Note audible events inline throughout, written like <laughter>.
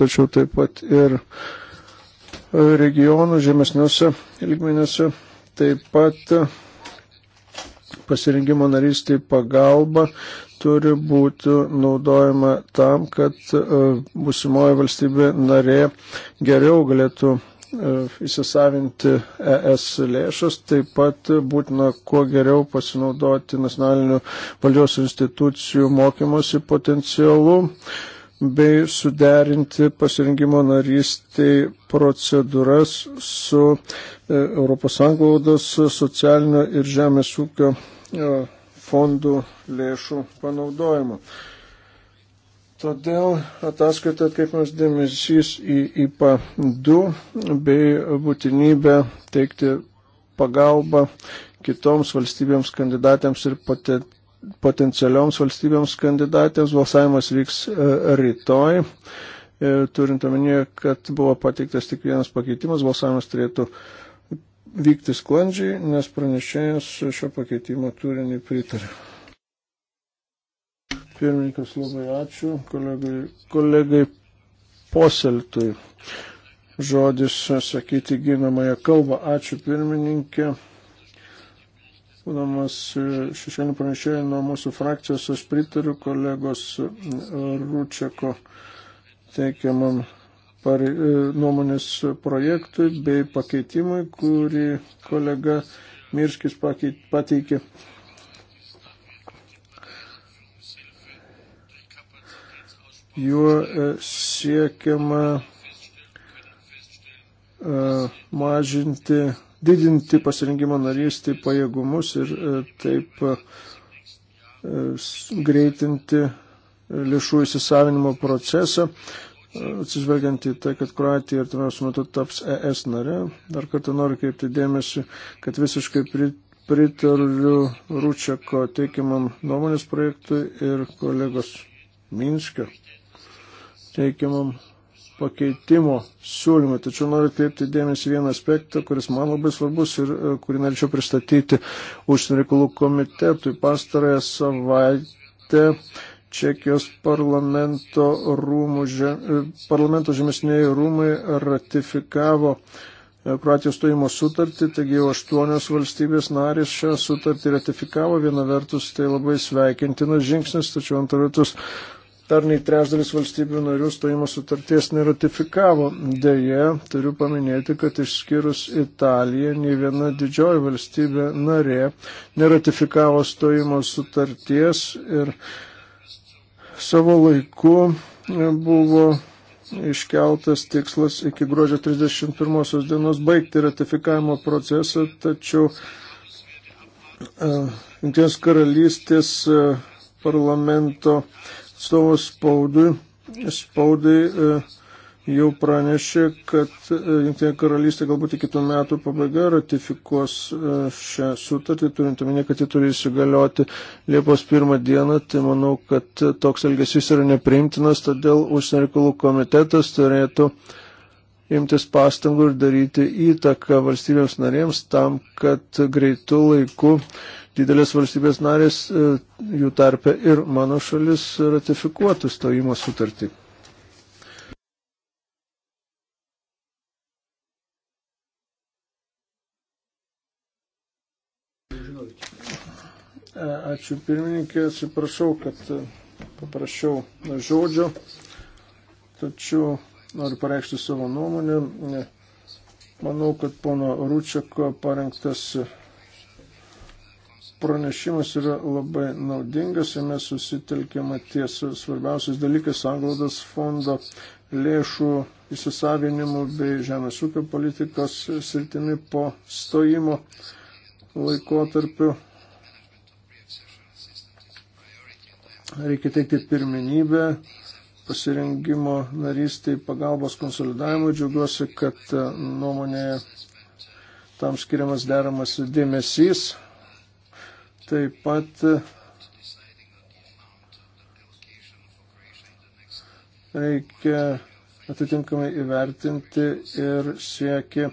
tačiau taip pat ir e, regionų žemesniuose lygmenėse, taip pat e, pasirinkimo narystėje pagalba turi būti naudojama tam, kad e, būsimoji valstybė narė geriau galėtų įsisavinti ES lėšas, taip pat būtina kuo geriau pasinaudoti nacionalinių valdžios institucijų mokymosi potencialu, bei suderinti pasirinkimo narystiai procedūras su e, Europos Sąjungos socialinio ir žemės ūkio e, fondų lėšų panaudojimu. Todėl ataskaita atkreipimas dėmesys į IPA 2 bei būtinybę teikti pagalbą kitoms valstybėms kandidatėms ir poten, potencialioms valstybėms kandidatėms. Balsavimas vyks e, rytoj. E, turint omenyje, kad buvo pateiktas tik vienas pakeitimas, balsavimas turėtų vykti sklandžiai, nes pranešėjas šio pakeitimo turinį pritarė. Pirmininkas labai ačiū kolegai, kolegai poseltui žodis sakyti ginamąją kalbą. Ačiū pirmininkė. Būdamas šešėlį pranešėjai nuo mūsų frakcijos, aš pritariu kolegos Rūčiako teikiamam pari, nuomonės projektui bei pakeitimui, kurį kolega Mirskis pakeit, pateikė. Juo e, siekiama e, mažinti didinti pasirinkimo narystį pajėgumus ir e, taip e, greitinti lėšų įsisavinimo procesą, e, atsižvelgiant į tai, kad Kroatija artimiausiu metu taps ES nare. Dar kartą noriu kreipti dėmesį, kad visiškai pritariu Rūčiako teikiamam nuomonės projektui ir kolegos Minskio teikiamam pakeitimo siūlymai. Tačiau noriu kreipti dėmesį vieną aspektą, kuris man labai svarbus ir e, kurį norėčiau pristatyti užsienio reikalų komitetui. Pastarąją savaitę Čekijos parlamento, rūmų, e, parlamento žemesnėjai rūmai ratifikavo e, Kroatijos stojimo sutartį, taigi jau aštuonios valstybės narės šią sutartį ratifikavo, viena vertus tai labai sveikintinas žingsnis, tačiau antra vertus dar nei trečdalis valstybių narių stojimo sutarties neratifikavo. Deja, turiu paminėti, kad išskyrus Italiją, nei viena didžioji valstybė narė neratifikavo stojimo sutarties ir savo laiku buvo iškeltas tikslas iki gruodžio 31 dienos baigti ratifikavimo procesą, tačiau e, Junktinės karalystės e, parlamento atstovo spaudui, spaudai e, jau pranešė, kad e, Junktinė karalystė galbūt iki kitų metų pabaiga ratifikuos e, šią sutartį, turint omenyje, kad ji turi įsigalioti Liepos pirmą dieną, tai manau, kad toks elgesys yra nepriimtinas, todėl užsienio reikalų komitetas turėtų imtis pastangų ir daryti įtaką valstybėms narėms tam, kad greitų laiku didelės valstybės narės, e, jų tarpe ir mano šalis, ratifikuotų stojimo sutartį. E, ačiū pirmininkė, atsiprašau, kad e, paprašiau žodžio, tačiau noriu pareikšti savo nuomonę. Manau, kad pono Rūčiako parengtas pranešimas yra labai naudingas ir mes susitelkėme ties svarbiausias dalykas Anglodas fondo lėšų įsisavinimu bei žemės ūkio politikos sritimi po stojimo laikotarpiu. Reikia teikti pirmenybę pasirengimo narystiai pagalbos konsolidavimo. Džiaugiuosi, kad nuomonėje tam skiriamas deramas dėmesys. Taip pat reikia atitinkamai įvertinti ir siekį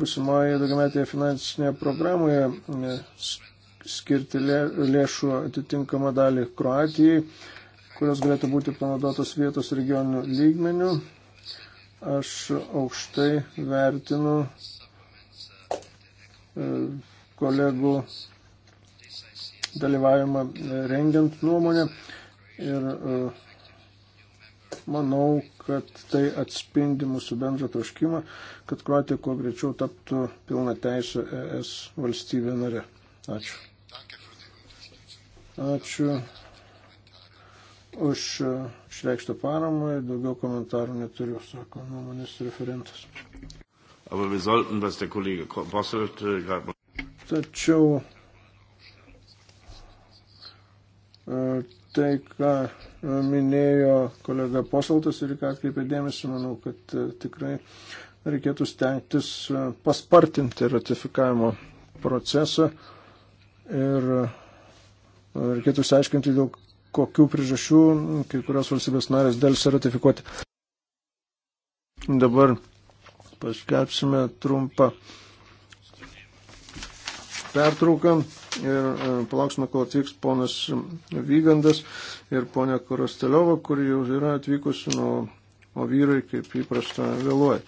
busimoje daugiametėje finansinėje programoje e, skirti lė, lėšų atitinkamą dalį Kroatijai, kurios galėtų būti panaudotos vietos regioninių lygmenių. Aš aukštai vertinu e, kolegų dalyvavimą e, rengiant nuomonę. Ir e, manau, kad tai atspindi mūsų bendrą troškimą, kad Kroatija kuo greičiau taptų pilna teisė ES valstybė nare. Ačiū. Ačiū už išreikštą paramą ir daugiau komentarų neturiu, sako nuomonės referentas. Aber wir sollten, was der Kollege Bosselt äh, gerade. Tačiau E, tai, ką e, minėjo kolega Posaltas ir ką atkreipė dėmesį, manau, kad e, tikrai reikėtų stengtis paspartinti ratifikavimo procesą ir reikėtų išsiaiškinti, dėl kokių priežasčių kai kurios valstybės narės dėlsi ratifikuoti. Dabar paskelbsime trumpą pertrauką ir e, palauksime, kol atvyks ponas Vygandas ir ponė Korosteliova, kuri jau yra atvykusi, nu, o vyrai, kaip įprasta, vėluoja.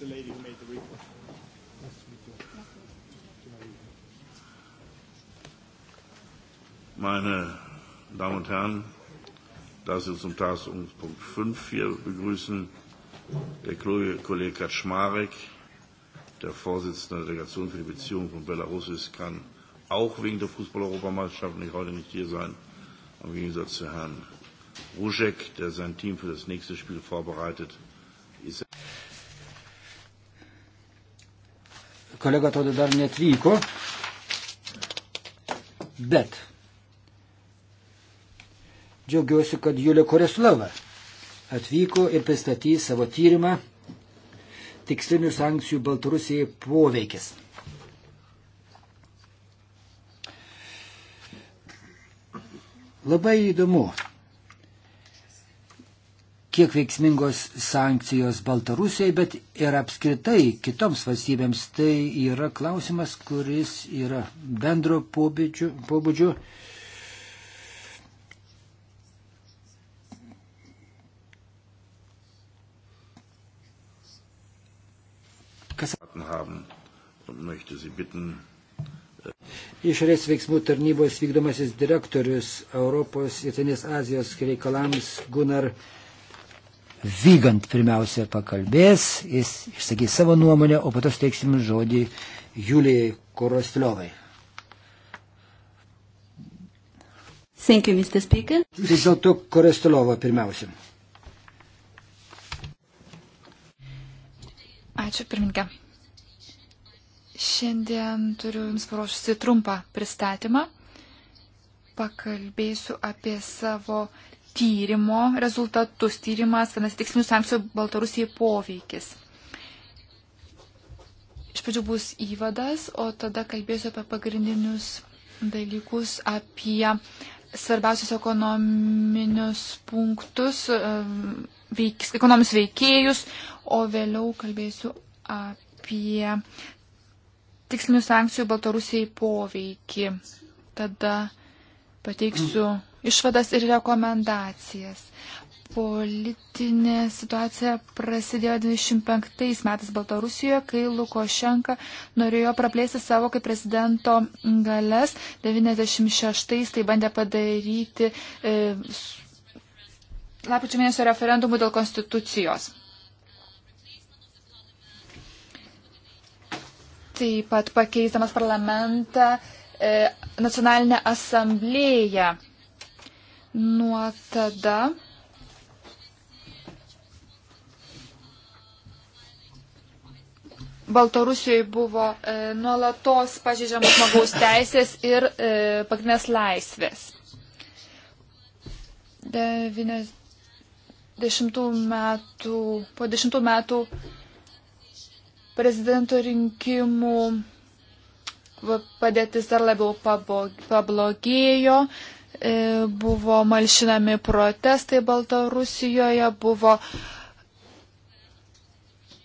the lady who made the report. Nice to meet you. Meine Damen und Herren, da Sie zum Tagesordnungspunkt 5 hier begrüßen, der Kollege Kaczmarek, der Vorsitzende der Delegation für die Beziehungen von Belarus ist, kann auch wegen der Fußball-Europameisterschaft nicht heute nicht hier sein, im Gegensatz zu Herrn Ruschek, der sein Team für das nächste Spiel vorbereitet kolega atrodo dar netvyko, bet džiaugiuosi, kad Julio Koreslava atvyko ir pristatys savo tyrimą tikslinių sankcijų Baltarusijai poveikis. Labai įdomu kiek veiksmingos sankcijos Baltarusijai, bet ir apskritai kitoms valstybėms. Tai yra klausimas, kuris yra bendro pobūdžio. pobūdžio. Kas... Išorės veiksmų tarnybos vykdomasis direktorius Europos ir Tenės Azijos reikalams Gunnar Vygant pirmiausia pakalbės, jis išsakys savo nuomonę, o pato steiksim žodį Julijai Korostliovai. Thank you, Mr. Speaker. Vis dėlto Korostliova pirmiausia. Ačiū, pirmininkė. Šiandien turiu Jums paruošusi trumpą pristatymą. Pakalbėsiu apie savo tyrimo rezultatus. Tyrimas, vienas tikslinių sankcijų Baltarusijai poveikis. Iš pradžių bus įvadas, o tada kalbėsiu apie pagrindinius dalykus, apie svarbiausius ekonominius punktus, e, veikis, ekonominius veikėjus, o vėliau kalbėsiu apie tikslinių sankcijų Baltarusijai poveikį. Tada pateiksiu. Mm išvadas ir rekomendacijas. Politinė situacija prasidėjo 25 metais Baltarusijoje, kai Lukošenka norėjo praplėsti savo kaip prezidento galės. 96-ais tai bandė padaryti e, lapkričio mėnesio referendumų dėl konstitucijos. Taip pat pakeisdamas parlamentą e, nacionalinę asamblėją Nuo tada Baltarusijoje buvo e, nuolatos pažeidžiamos žmogaus teisės ir e, pagrindinės laisvės. 90 metų, po 10 metų prezidento rinkimų padėtis dar labiau pablogėjo, E, buvo malšinami protestai Baltarusijoje, buvo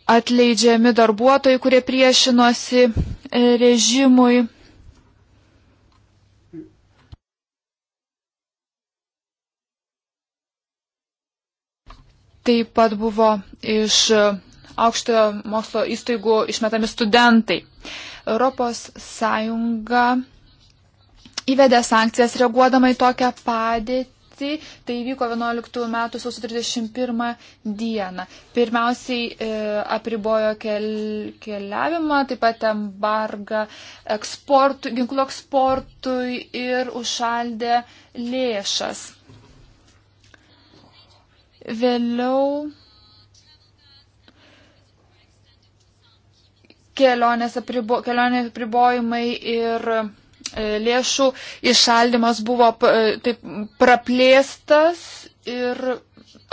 atleidžiami darbuotojai, kurie priešinosi e, režimui. Taip pat buvo iš aukštojo mokslo įstaigų išmetami studentai. Europos Sąjunga įvedė sankcijas reaguodama į tokią padėtį. Tai įvyko 11 metų sausio 31 dieną. Pirmiausiai e, apribojo kel, keliavimą, taip pat embargą eksportu, ginklų eksportui ir užšaldė lėšas. Vėliau kelionės, apribo, kelionės apribojimai ir E, lėšų išaldimas buvo e, taip praplėstas ir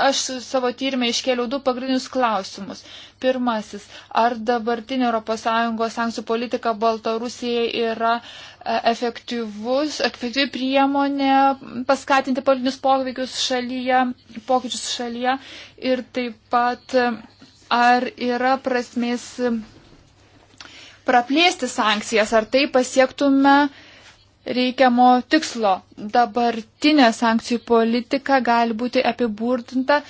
aš savo tyrimę iškėliau du pagrindinius klausimus. Pirmasis, ar dabartinė ES sankcijų politika Baltarusijai yra e, efektyvus, efektyvi priemonė paskatinti politinius pokyčius šalyje, pokyčius šalyje ir taip pat ar yra prasmės praplėsti sankcijas, ar tai pasiektume uh, reikiamo tikslo. Dabartinė sankcijų politika gali būti apibūrdinta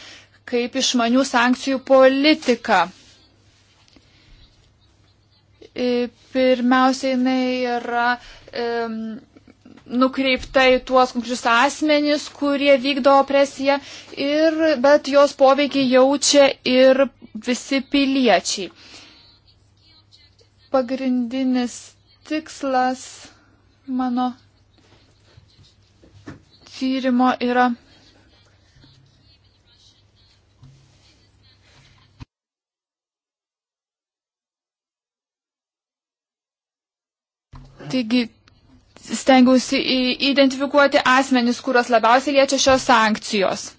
kaip išmanių sankcijų politika. E, pirmiausia, jinai yra e, nukreipta į tuos konkrečius asmenys, kurie vykdo opresiją, ir, bet jos poveikį jaučia ir visi piliečiai. Pagrindinis tikslas mano tyrimo yra. Taigi stengiausi identifikuoti asmenis, kurios labiausiai liečia šios sankcijos.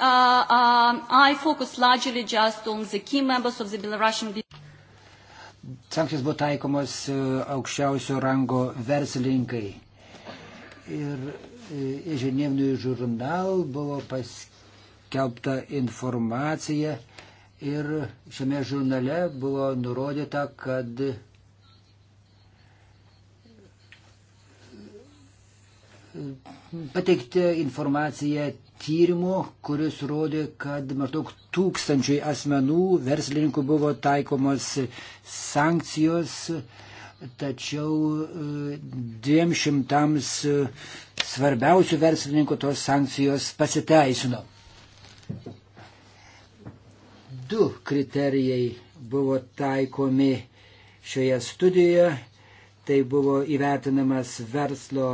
uh, um, I focus largely just on the key members of the Belarusian. Sankcijos buvo taikomos uh, aukščiausio rango verslininkai. Ir uh, Ženevniui žurnal buvo paskelbta informacija ir šiame žurnale buvo nurodyta, kad uh, pateikti informaciją tyrimo, kuris rodė, kad maždaug tūkstančiai asmenų, verslininkų buvo taikomos sankcijos, tačiau e, dviem šimtams e, svarbiausių verslininkų tos sankcijos pasiteisino. Du kriterijai buvo taikomi šioje studijoje tai buvo įvertinamas verslo,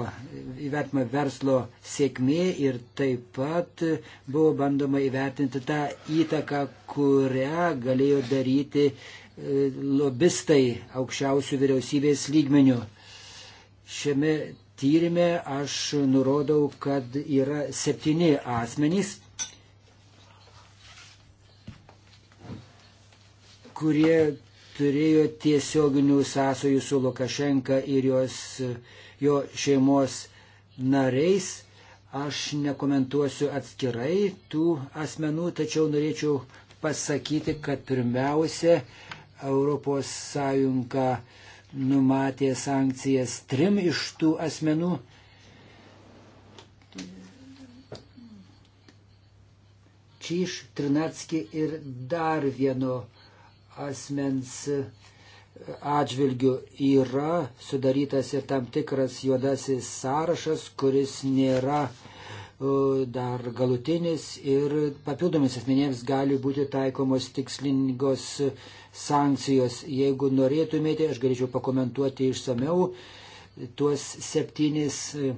įvertinama verslo sėkmė ir taip pat buvo bandoma įvertinti tą įtaką, kurią galėjo daryti e, lobistai aukščiausių vyriausybės lygmenių. Šiame tyrimė aš nurodau, kad yra septyni asmenys, kurie turėjo tiesioginių sąsojų su Lukašenka ir jos, jo šeimos nariais. Aš nekomentuosiu atskirai tų asmenų, tačiau norėčiau pasakyti, kad pirmiausia ES numatė sankcijas trim iš tų asmenų. Čyš, Trinatski ir dar vieno asmens atžvilgių yra sudarytas ir tam tikras juodasis sąrašas, kuris nėra e, dar galutinis ir papildomis asmenėms gali būti taikomos tikslingos sankcijos. Jeigu norėtumėte, aš galėčiau pakomentuoti išsameu tuos septynis e,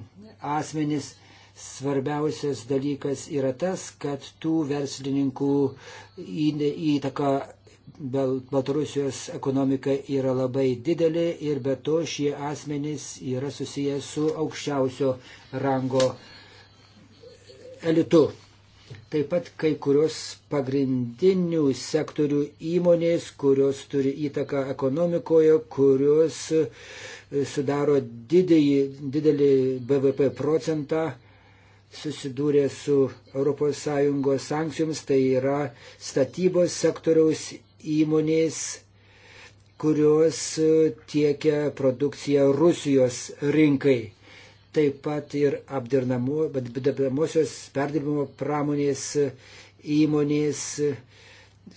asmenis. Svarbiausias dalykas yra tas, kad tų verslininkų įtaka Baltarusijos ekonomika yra labai didelė ir be to šie asmenys yra susiję su aukščiausio rango elitu. Taip pat kai kurios pagrindinių sektorių įmonės, kurios turi įtaką ekonomikoje, kurios e, sudaro didįjį, didelį BVP procentą, susidūrė su ES sankcijoms, tai yra statybos sektoriaus įmonės, kurios e, tiekia produkciją Rusijos rinkai. Taip pat ir apdirbamosios perdirbimo pramonės e, įmonės e,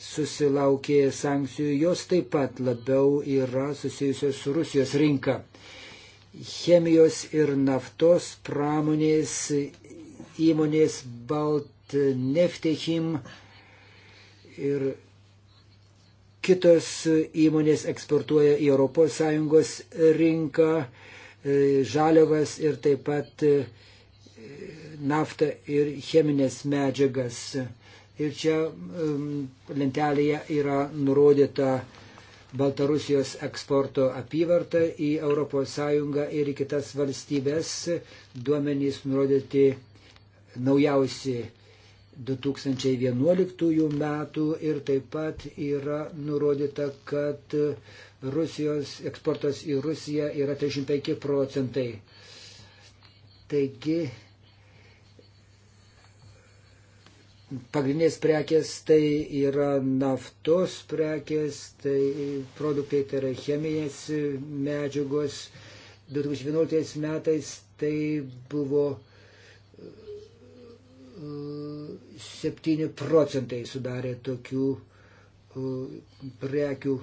susilaukė sankcijų, jos taip pat labiau yra susijusios su Rusijos rinka. Chemijos ir naftos pramonės įmonės Balt Neftechim ir kitos įmonės eksportuoja į ES rinką e, žaliavas ir taip pat e, naftą ir cheminės medžiagas. Ir čia lentelėje yra nurodyta Baltarusijos eksporto apyvarta į ES ir į kitas valstybės. Duomenys nurodyti naujausi 2011 metų ir taip pat yra nurodyta, kad Rusijos eksportas į Rusiją yra 35 procentai. Taigi pagrindinės prekės tai yra naftos prekės, tai produktai tai yra cheminės medžiagos. 2011 metais tai buvo 7 procentai sudarė tokių e, prekių.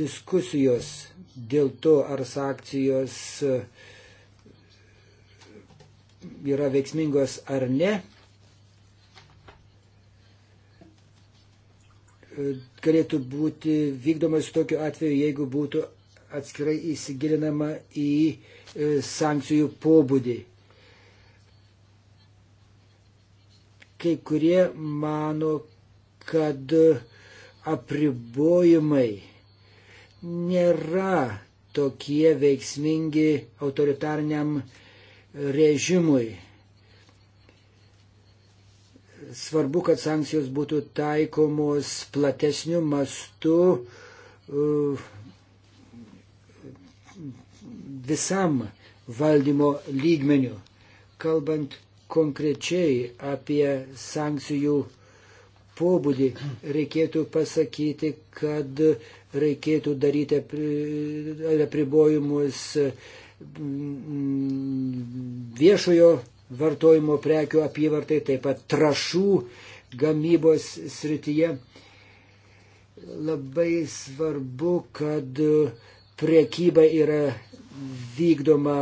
Diskusijos dėl to, ar sankcijos yra veiksmingos ar ne, galėtų būti vykdomas tokiu atveju, jeigu būtų atskirai įsigilinama į e, sankcijų pobūdį. Kai kurie mano, kad apribojimai nėra tokie veiksmingi autoritariniam režimui. Svarbu, kad sankcijos būtų taikomos platesniu mastu uh, visam valdymo lygmeniu. Kalbant konkrečiai apie sankcijų pobūdį, reikėtų pasakyti, kad reikėtų daryti apribojimus mm, viešojo vartojimo prekių apyvartai, taip pat trašų gamybos srityje. Labai svarbu, kad priekyba yra vykdoma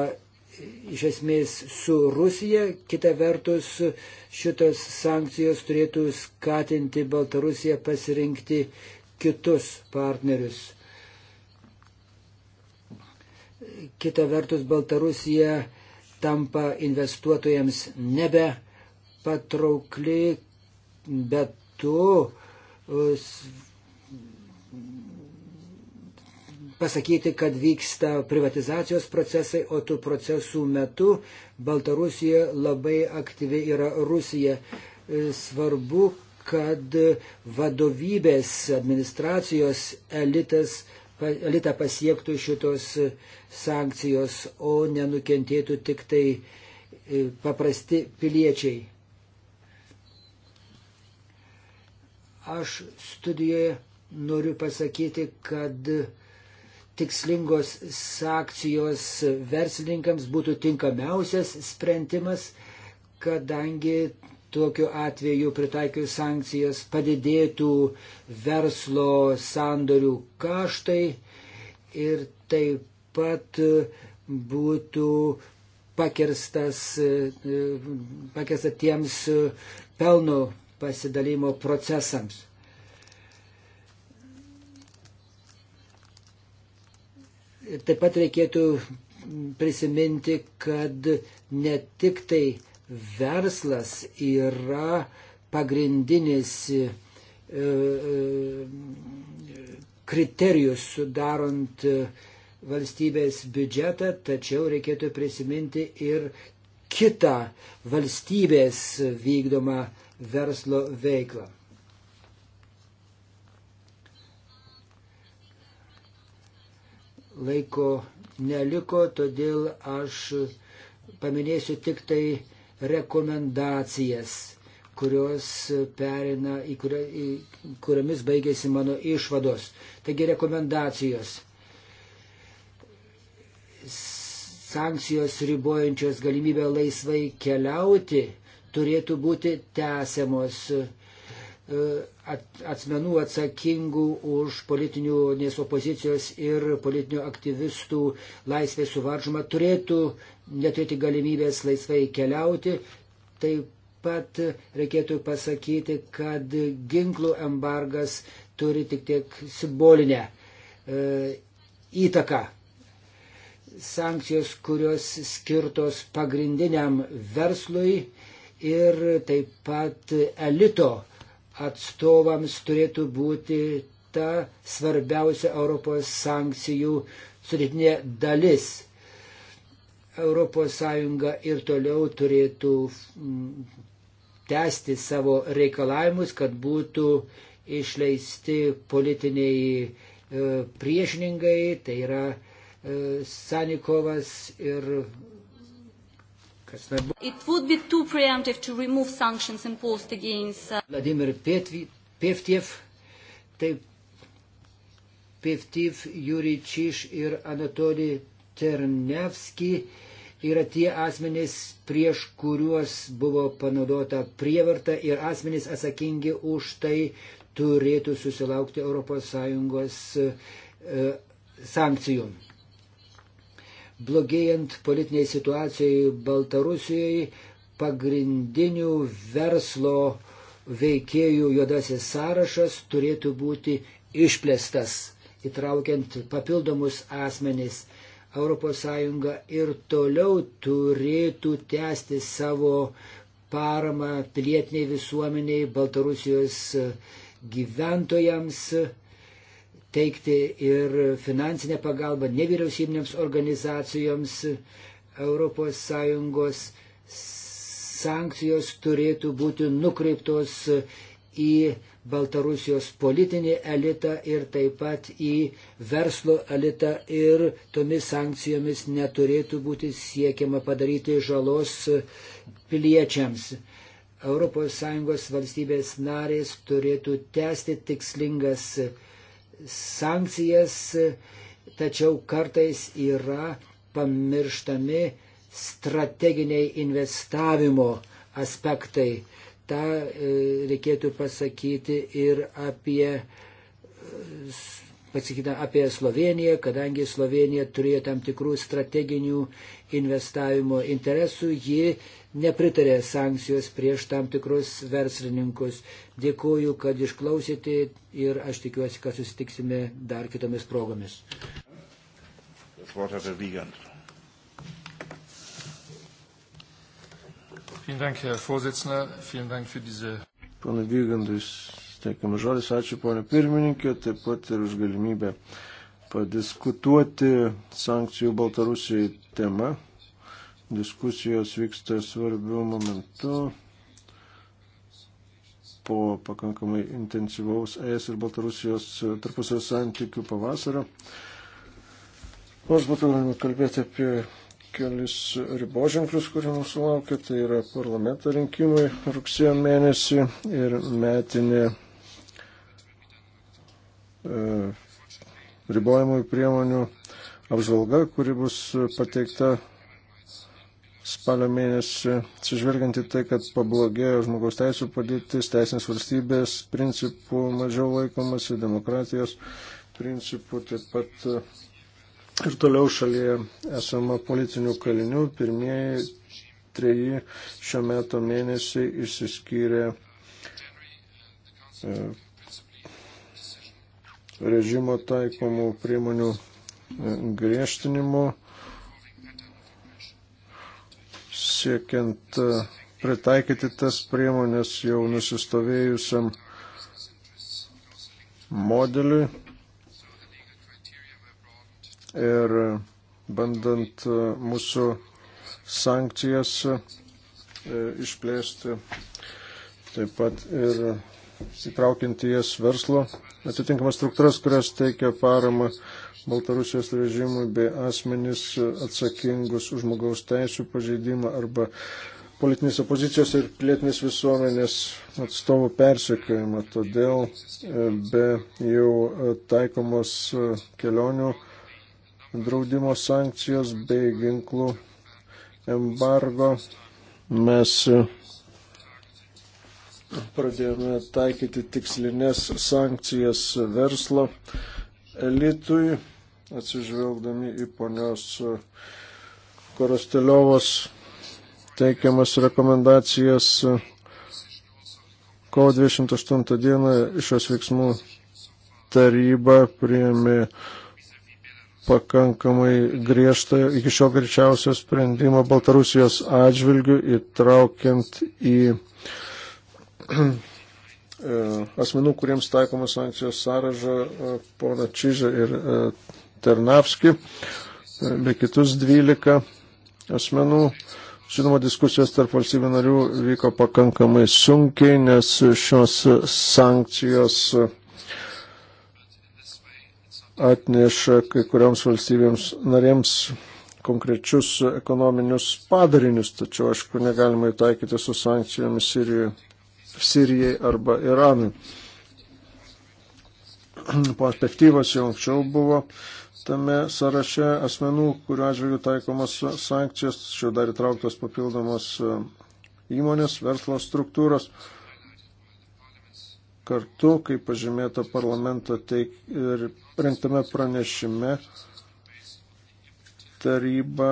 iš esmės su Rusija, kita vertus šitos sankcijos turėtų skatinti Baltarusiją pasirinkti kitus partnerius. Kita vertus Baltarusija tampa investuotojams nebe patraukli, bet tu uh, pasakyti, kad vyksta privatizacijos procesai, o tų procesų metu Baltarusija labai aktyvi yra Rusija. Uh, svarbu, kad vadovybės administracijos elitas elitą pasiektų šitos sankcijos, o nenukentėtų tik tai e, paprasti piliečiai. Aš studijoje noriu pasakyti, kad tikslingos sankcijos verslininkams būtų tinkamiausias sprendimas, kadangi tokiu atveju pritaikius sankcijas padidėtų verslo sandorių kaštai ir taip pat būtų pakirstas, pakirsta tiems pelno pasidalimo procesams. Ir taip pat reikėtų prisiminti, kad ne tik tai verslas yra pagrindinis e, e, kriterijus sudarant e, valstybės biudžetą, tačiau reikėtų prisiminti ir kitą valstybės vykdomą verslo veiklą. Laiko neliko, todėl aš paminėsiu tik tai rekomendacijas, kurios perina, į kurio, į, kuriomis baigėsi mano išvados. Taigi rekomendacijos. Sankcijos ribojančios galimybę laisvai keliauti turėtų būti tęsiamos e, atsmenų atsakingų už politinių nes opozicijos ir politinių aktyvistų laisvės suvaržymą turėtų neturėti galimybės laisvai keliauti. Taip pat reikėtų pasakyti, kad ginklų embargas turi tik tiek simbolinę e, įtaką. Sankcijos, kurios skirtos pagrindiniam verslui ir taip pat elito atstovams turėtų būti ta svarbiausia Europos sankcijų sudėtinė dalis ES ir toliau turėtų mm, tęsti savo reikalavimus, kad būtų išleisti politiniai e, priešininkai, tai yra e, Sanikovas ir kas nebuvo. Uh, Vladimir Pievtiev, taip Pievtiev, Juri Čiš ir Anatolij Ternevski yra tie asmenys, prieš kuriuos buvo panaudota prievarta ir asmenys atsakingi už tai turėtų susilaukti ES e, sankcijų. Blogėjant politiniai situacijai Baltarusijoje, pagrindinių verslo veikėjų juodasis sąrašas turėtų būti išplėstas, įtraukiant papildomus asmenys ES ir toliau turėtų tęsti savo paramą pilietiniai visuomeniai, Baltarusijos gyventojams, teikti ir finansinę pagalbą nevyriausybinėms organizacijoms. ES sankcijos turėtų būti nukreiptos į Baltarusijos politinį elitą ir taip pat į verslo elitą ir tomis sankcijomis neturėtų būti siekiama padaryti žalos piliečiams. ES valstybės narės turėtų tęsti tikslingas sankcijas, tačiau kartais yra pamirštami strateginiai investavimo aspektai Ta e, reikėtų pasakyti ir apie, e, pasakyta, apie Sloveniją, kadangi Slovenija turėjo tam tikrų strateginių investavimo interesų, ji nepritarė sankcijos prieš tam tikrus verslininkus. Dėkuoju, kad išklausėte ir aš tikiuosi, kad susitiksime dar kitomis progomis. Das Wort hat der Wiegand. Pana Vygandus, teikiamas žodis, ačiū ponė pirmininkė, taip pat ir už galimybę padiskutuoti sankcijų Baltarusijai tema. Diskusijos vyksta svarbiu momentu po pakankamai intensyvaus ES ir Baltarusijos tarpusio santykių pavasario. Nors būtų galima kalbėti apie kelis riboženklius, kurie mūsų laukia, tai yra parlamento rinkimai rugsėjo mėnesį ir metinė e, ribojimų priemonių apžvalga, kuri bus pateikta spalio mėnesį, atsižvelgiant į tai, kad pablogėjo žmogaus teisų padėtis, teisinės valstybės principų mažiau laikomasi, demokratijos principų, taip pat ir toliau šalyje esama politinių kalinių. Pirmieji treji šio meto mėnesiai išsiskyrė e, režimo taikomų priemonių e, griežtinimu, siekiant e, pritaikyti tas priemonės jau nusistovėjusiam modeliui ir bandant mūsų sankcijas e, išplėsti, taip pat ir įtraukiant į jas verslo atitinkamas struktūras, kurias teikia parama Baltarusijos režimui bei asmenys atsakingus už žmogaus teisų pažeidimą arba politinės opozicijos ir plėtinės visuomenės atstovų persekiojimą. Todėl e, be jau taikomos e, kelionių draudimo sankcijos bei ginklų embargo. Mes e, pradėjome taikyti tikslinės sankcijas verslo elitui, atsižvelgdami į ponios e, Korosteliovos teikiamas rekomendacijas kovo 28 dieną šios veiksmų taryba priėmė pakankamai griežtą iki šio greičiausio sprendimo Baltarusijos atžvilgių įtraukiant į <clears throat> e, asmenų, kuriems taikomas sankcijos sąrašą, e, pona Čižą ir e, Ternavski, bei kitus 12 asmenų. Žinoma, diskusijos tarp valstybių narių vyko pakankamai sunkiai, nes šios sankcijos atneša kai kurioms valstybėms narėms konkrečius ekonominius padarinius, tačiau aišku negalima įtaikyti su sankcijomis Sirijai, Sirijai arba Iranui. Perspektyvas jau anksčiau buvo tame sąraše asmenų, kuriuo atžvilgiu taikomas sankcijos, tačiau dar įtrauktos papildomos e, įmonės, verslo struktūros. Uh, kartu, kaip pažymėta parlamento teik ir renktame pranešime, taryba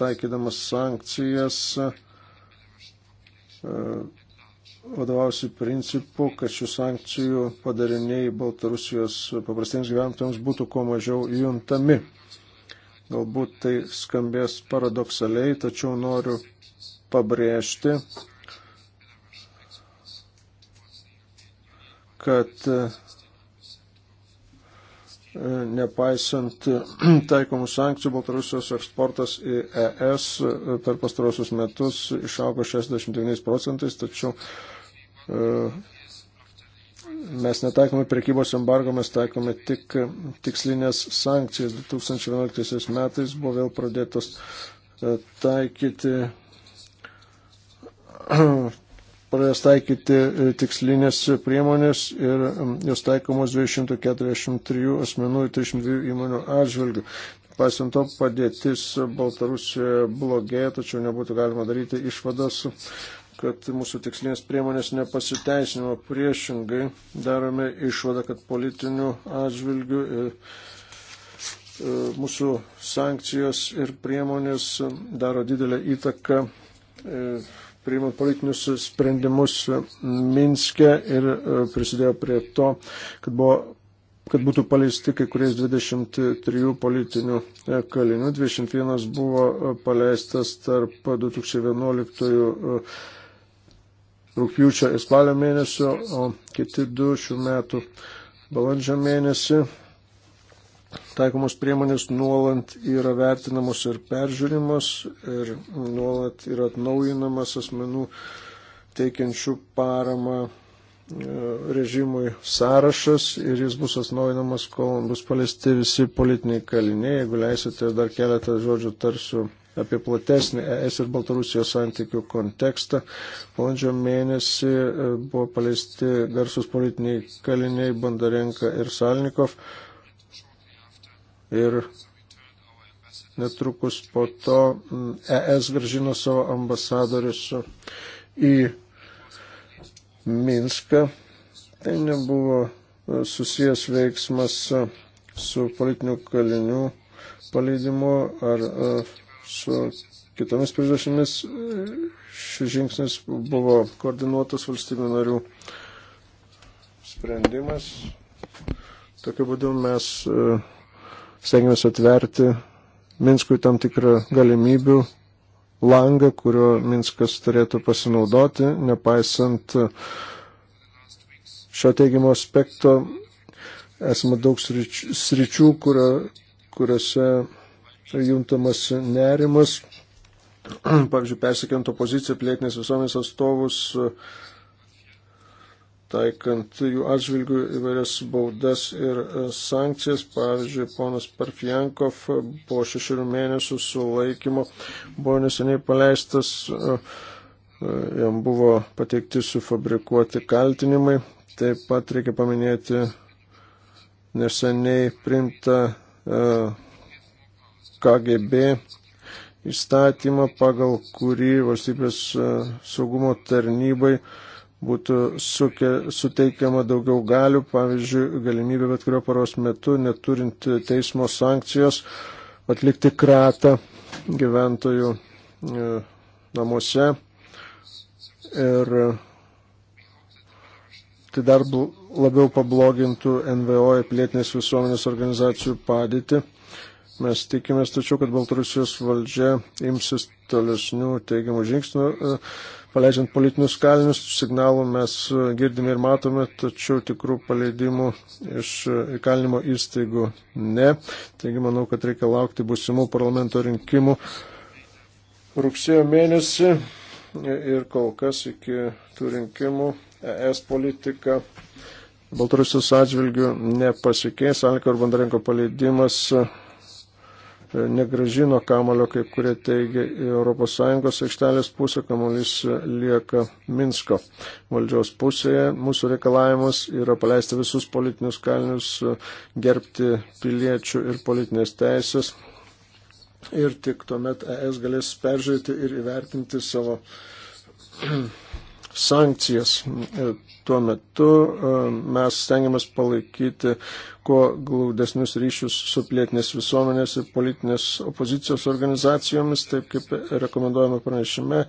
taikydamas sankcijas e, vadovausiu principu, kad šių sankcijų padariniai Baltarusijos paprastiems gyventojams būtų kuo mažiau juntami. Galbūt tai skambės paradoksaliai, tačiau noriu pabrėžti, kad e, nepaisant <clears throat> taikomų sankcijų, Baltarusijos eksportas į ES e, per pastarosius metus išaugo 69 procentais, tačiau e, mes netaikome prekybos embargo, mes taikome tik tikslinės sankcijas. 2011 metais buvo vėl pradėtos taikyti <clears throat> pradės taikyti e, tikslinės priemonės ir jos taikomos 243 asmenų ir 302 įmonių atžvilgių. Pasiant to padėtis Baltarusijoje blogėja, tačiau nebūtų galima daryti išvados, kad mūsų tikslinės priemonės nepasiteisinimo priešingai darome išvadą, kad politinių atžvilgių. Ir, e, e, mūsų sankcijos ir priemonės daro didelę įtaką priimant politinius sprendimus Minske ir e, prisidėjo prie to, kad, buvo, kad būtų paleisti kai kuriais 23 politinių e, kalinių. 21 buvo e, paleistas tarp 2011 rūpjūčio ir spalio mėnesio, o kiti du šių metų balandžio mėnesį taikomos priemonės nuolant yra vertinamos ir peržiūrimos ir nuolat yra atnaujinamas asmenų teikiančių paramą e, režimui sąrašas ir jis bus atnaujinamas, kol bus paliesti visi politiniai kaliniai. Jeigu leisite, dar keletą žodžių tarsiu apie platesnį ES ir Baltarusijos santykių kontekstą. Balandžio mėnesį e, buvo paleisti garsus politiniai kaliniai Bandarenka ir Salnikov ir netrukus po to mm, ES gražino savo ambasadorius į Minską. Tai nebuvo e, susijęs veiksmas e, su politinių kalinių paleidimu ar e, su kitomis priežasčiamis. Šis žingsnis buvo koordinuotas valstybių narių sprendimas. Tokiu būdu mes uh, stengiamės atverti Minskui tam tikrą galimybių langą, kurio Minskas turėtų pasinaudoti, nepaisant šio teigiamo aspekto. Esame daug sričių, kurio, kuriuose juntamas nerimas. <clears throat> Pavyzdžiui, persikiant opoziciją, plėtinės visuomenės atstovus, uh, taikant jų atžvilgių įvairias baudas ir e, sankcijas. Pavyzdžiui, ponas Parfiankov po šešių mėnesių sulaikymo buvo neseniai paleistas, e, e, jam buvo pateikti sufabrikuoti kaltinimai. Taip pat reikia paminėti neseniai primtą KGB įstatymą, pagal kurį valstybės saugumo tarnybai uh, būtų suke, suteikiama daugiau galių, pavyzdžiui, galimybė bet kurio paros metu, neturint teismo sankcijos, atlikti kratą gyventojų e, namuose. Ir tai dar labiau pablogintų NVO ir plėtinės visuomenės organizacijų padėtį. Mes tikimės tačiau, kad Baltarusijos valdžia imsis tolesnių teigiamų žingsnių. E, paleidžiant politinius kalinius. Signalų mes e, girdime ir matome, tačiau tikrų paleidimų iš e, įkalinimo įstaigų ne. Taigi manau, kad reikia laukti busimų parlamento rinkimų rugsėjo mėnesį ir kol kas iki tų rinkimų ES politika. Baltarusijos atžvilgių nepasikeis. Alka Urbandarenko paleidimas negražino kamulio, kaip kurie teigia, į ES aikštelės pusę, kamuolys lieka Minsko valdžios pusėje. Mūsų reikalavimas yra paleisti visus politinius kalinius, gerbti piliečių ir politinės teisės. Ir tik tuomet ES galės peržiūrėti ir įvertinti savo sankcijas. E, tuo metu e, mes stengiamės palaikyti kuo glaudesnius ryšius su plėtinės visuomenės ir politinės opozicijos organizacijomis, taip kaip rekomenduojame pranešime.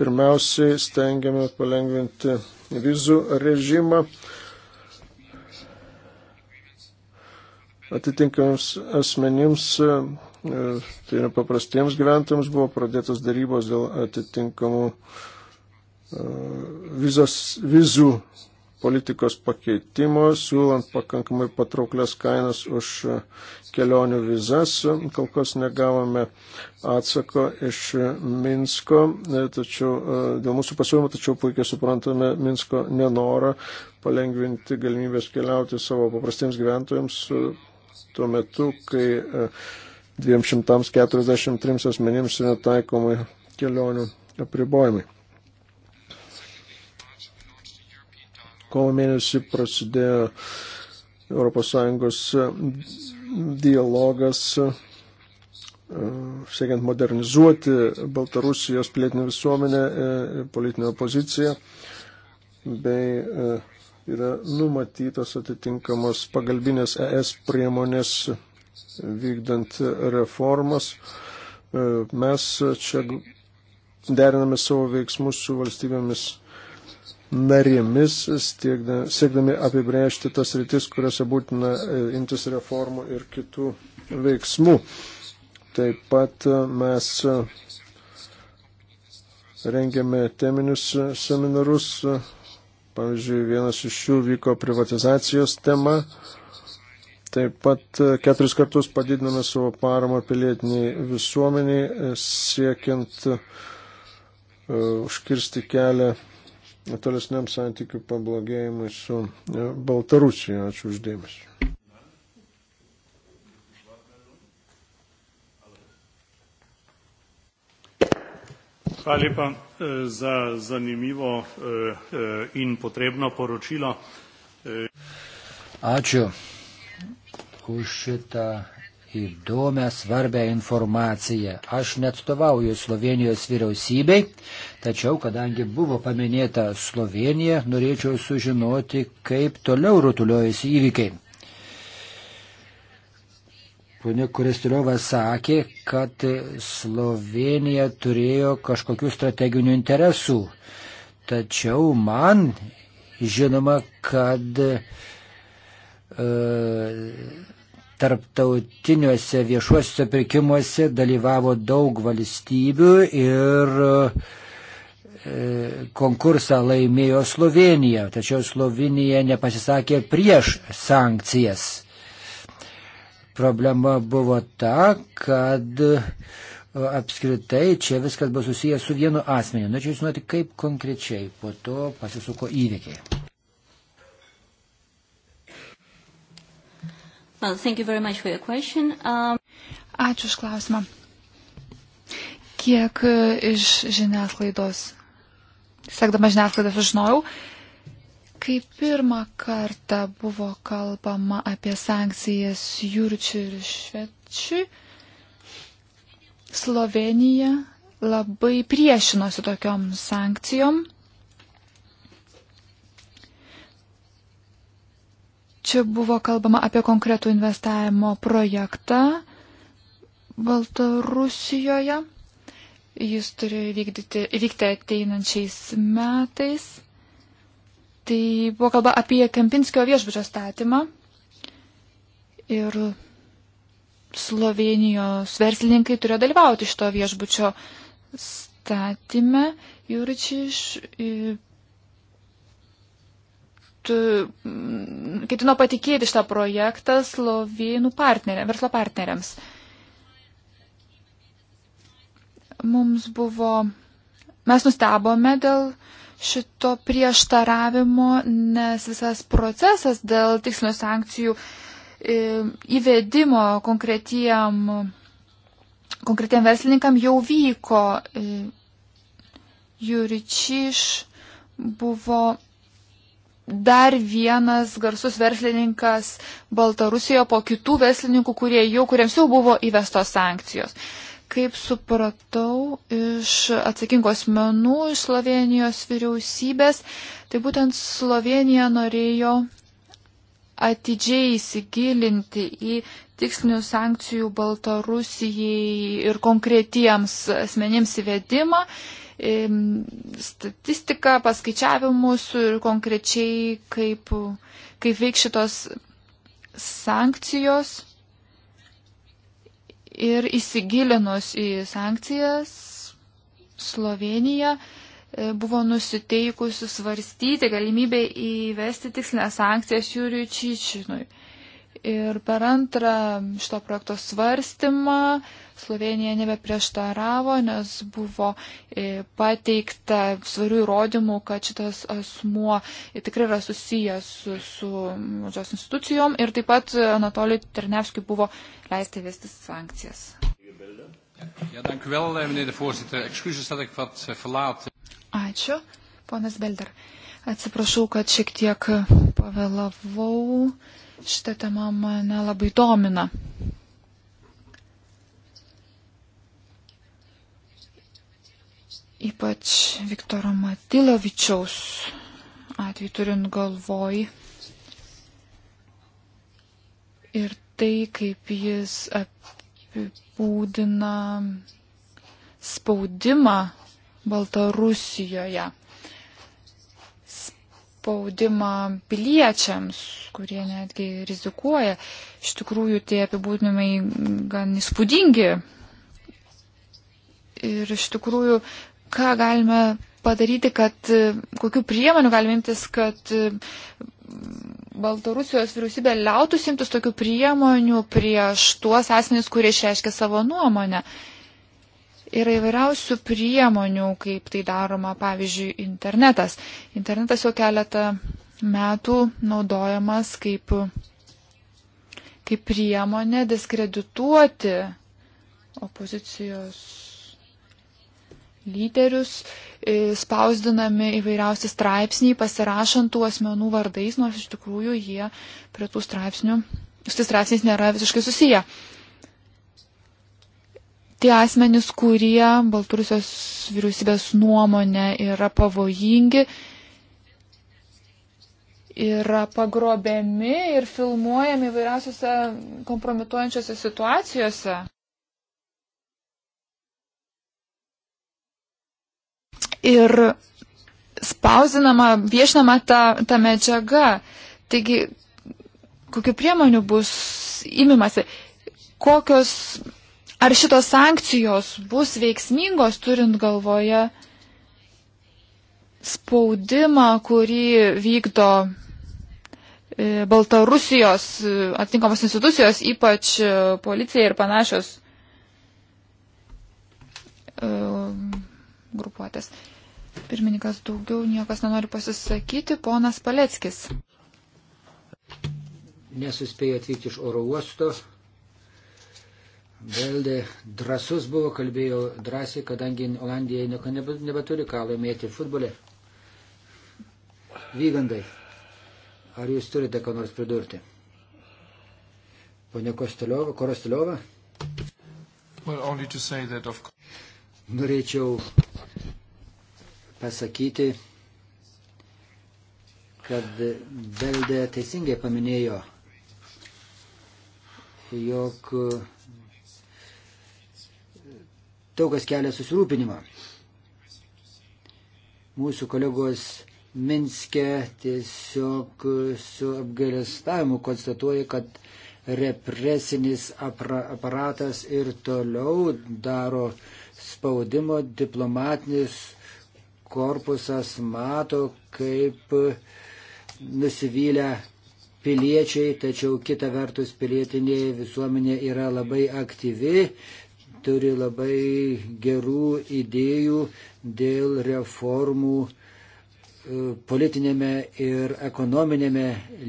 Pirmiausiai stengiamės palengventi vizų režimą. atitinkamiems asmenims, e, tai yra paprastiems gyventojams, buvo pradėtos darybos dėl atitinkamų vizos, vizų politikos pakeitimo, siūlant pakankamai patrauklias kainas už kelionių vizas. Kol kas negavome atsako iš Minsko, tačiau e, dėl mūsų pasiūlymų, tačiau puikiai suprantame Minsko nenorą palengvinti galimybės keliauti savo paprastiems gyventojams e, tuo metu, kai 243 e, asmenims yra taikomai kelionių apribojimai. Kovo mėnesį prasidėjo ES dialogas e, siekiant modernizuoti Baltarusijos pilietinę visuomenę, e, politinę opoziciją, bei e, yra numatytos atitinkamos pagalbinės ES priemonės vykdant reformas. Mes čia deriname savo veiksmus su valstybėmis narėmis, siekdami apibrėžti tas rytis, kuriuose būtina e, imtis reformų ir kitų veiksmų. Taip pat e, mes e, rengiame teminius seminarus. Pavyzdžiui, vienas iš jų vyko privatizacijos tema. Taip pat keturis kartus padidiname savo paramą pilietiniai visuomeniai, siekiant uh, užkirsti kelią tolesniam santykių pablogėjimui su e, Baltarusija. Ačiū uždėmesi. Hvala lepa e, za zanimivo e, in potrebno poročilo. Ačiū už šitą įdomią, svarbę informaciją. Aš netstovauju Slovenijos vyriausybei, tačiau kadangi buvo paminėta Slovenija, norėčiau sužinoti, kaip toliau rutuliojasi įvykiai. Pone Kuristiliovas sakė, kad Slovenija turėjo kažkokių strateginių interesų. Tačiau man žinoma, kad e, tarptautiniuose viešuosiuose pirkimuose dalyvavo daug valstybių ir e, konkursą laimėjo Slovenija, tačiau Slovenija nepasisakė prieš sankcijas. Problema buvo ta, kad e, apskritai čia viskas buvo susijęs su vienu asmeniu. Norėčiau žinoti, kaip konkrečiai po to pasisuko įvykiai. Well, thank you very much for your question. Um... Ačiū už klausimą. Kiek e, iš žiniasklaidos, sekdama žiniasklaidą, sužinojau, kai pirmą kartą buvo kalbama apie sankcijas Jurčiui ir Švečiui, Slovenija labai priešinosi tokiom sankcijom Čia buvo kalbama apie konkretų investavimo projektą Baltarusijoje. Jis turi vykdyti, vykti ateinančiais metais. Tai buvo kalba apie Kempinskio viešbučio statymą ir Slovenijos verslininkai turėjo dalyvauti šito viešbučio statyme. Juričiš Mm, ketino patikėti šitą projektą slovėnų partnerė, verslo partneriams. Mums buvo, mes nustebome dėl šito prieštaravimo, nes visas procesas dėl tikslinio sankcijų e, įvedimo konkretiem, konkretiem verslininkam jau vyko. E, Juričiš buvo dar vienas garsus verslininkas Baltarusijoje po kitų verslininkų, kurie jau, kuriems jau buvo įvestos sankcijos. Kaip supratau iš atsakingos menų, iš Slovenijos vyriausybės, tai būtent Slovenija norėjo atidžiai įsigilinti į tikslinių sankcijų Baltarusijai ir konkretiems asmenėms įvedimą statistiką, paskaičiavimus ir konkrečiai kaip, kaip veik šitos sankcijos. Ir įsigilinus į sankcijas, Slovenija e, buvo nusiteikusi svarstyti galimybę įvesti tikslinę sankciją Jūriui Čičinui. Ir per antrą šito projekto svarstymą Slovenija nebeprieštaravo, nes buvo e, pateikta svarių įrodymų, kad šitas asmuo e, tikrai yra susijęs su, su valdžios institucijom ir taip pat Anatolijui Ternevskiui buvo leisti vesti sankcijas. Ja, dank u wel, eh, meneer de voorzitter. Excuses dat ik wat eh, verlaat. Ačiū, ponas Belder. Atsiprašau, kad šiek tiek pavėlavau šitą temą mane labai domina. Ypač Viktoro Matilovičiaus atveju turint galvoj ir tai, kaip jis apibūdina spaudimą Baltarusijoje spaudimą piliečiams, kurie netgi rizikuoja. Iš tikrųjų, tie apibūdinimai gan įspūdingi. Ir iš tikrųjų, ką galime padaryti, kad kokiu priemoniu galime imtis, kad mm, Baltarusijos vyriausybė liautų simtis tokių priemonių prieš tuos asmenys, kurie išreiškia savo nuomonę. Uh, Yra įvairiausių priemonių, kaip tai daroma, pavyzdžiui, internetas. Internetas jau keletą metų naudojamas kaip, kaip priemonė diskredituoti opozicijos lyderius, e, spausdinami įvairiausi straipsniai, pasirašant tų asmenų vardais, nors iš tikrųjų jie prie tų straipsnių, su tais straipsniais nėra visiškai susiję tie asmenys, kurie Baltarusijos vyriausybės nuomonė yra pavojingi, yra pagrobiami ir filmuojami vairiausiose kompromituojančiose situacijose. Ir spausinama, viešinama ta, ta medžiaga. Taigi, kokiu priemoniu bus įmimasi, kokios Ar šitos sankcijos bus veiksmingos, turint galvoje spaudimą, kurį vykdo e, Baltarusijos e, atitinkamos institucijos, ypač e, policija ir panašios grupuotės. Pirmininkas daugiau niekas nenori pasisakyti, ponas Paleckis. Nesuspėjo atvykti iš oro uosto, Vėlgi drasus buvo, kalbėjo drąsiai, kadangi Olandija nieko nebeturi ką laimėti futbole. Vygandai, ar jūs turite ką nors pridurti? Pane Kosteliova, Korosteliova? Well, only to say that of... Norėčiau pasakyti, kad Beldė teisingai paminėjo, jog daug kas kelia susirūpinimą. Mūsų kolegos Minske tiesiog su apgailestavimu konstatuoja, kad represinis aparatas ir toliau daro spaudimo diplomatinis korpusas mato, kaip nusivylę piliečiai, tačiau kita vertus pilietinė visuomenė yra labai aktyvi, turi labai gerų idėjų dėl reformų e, politinėme ir ekonominėme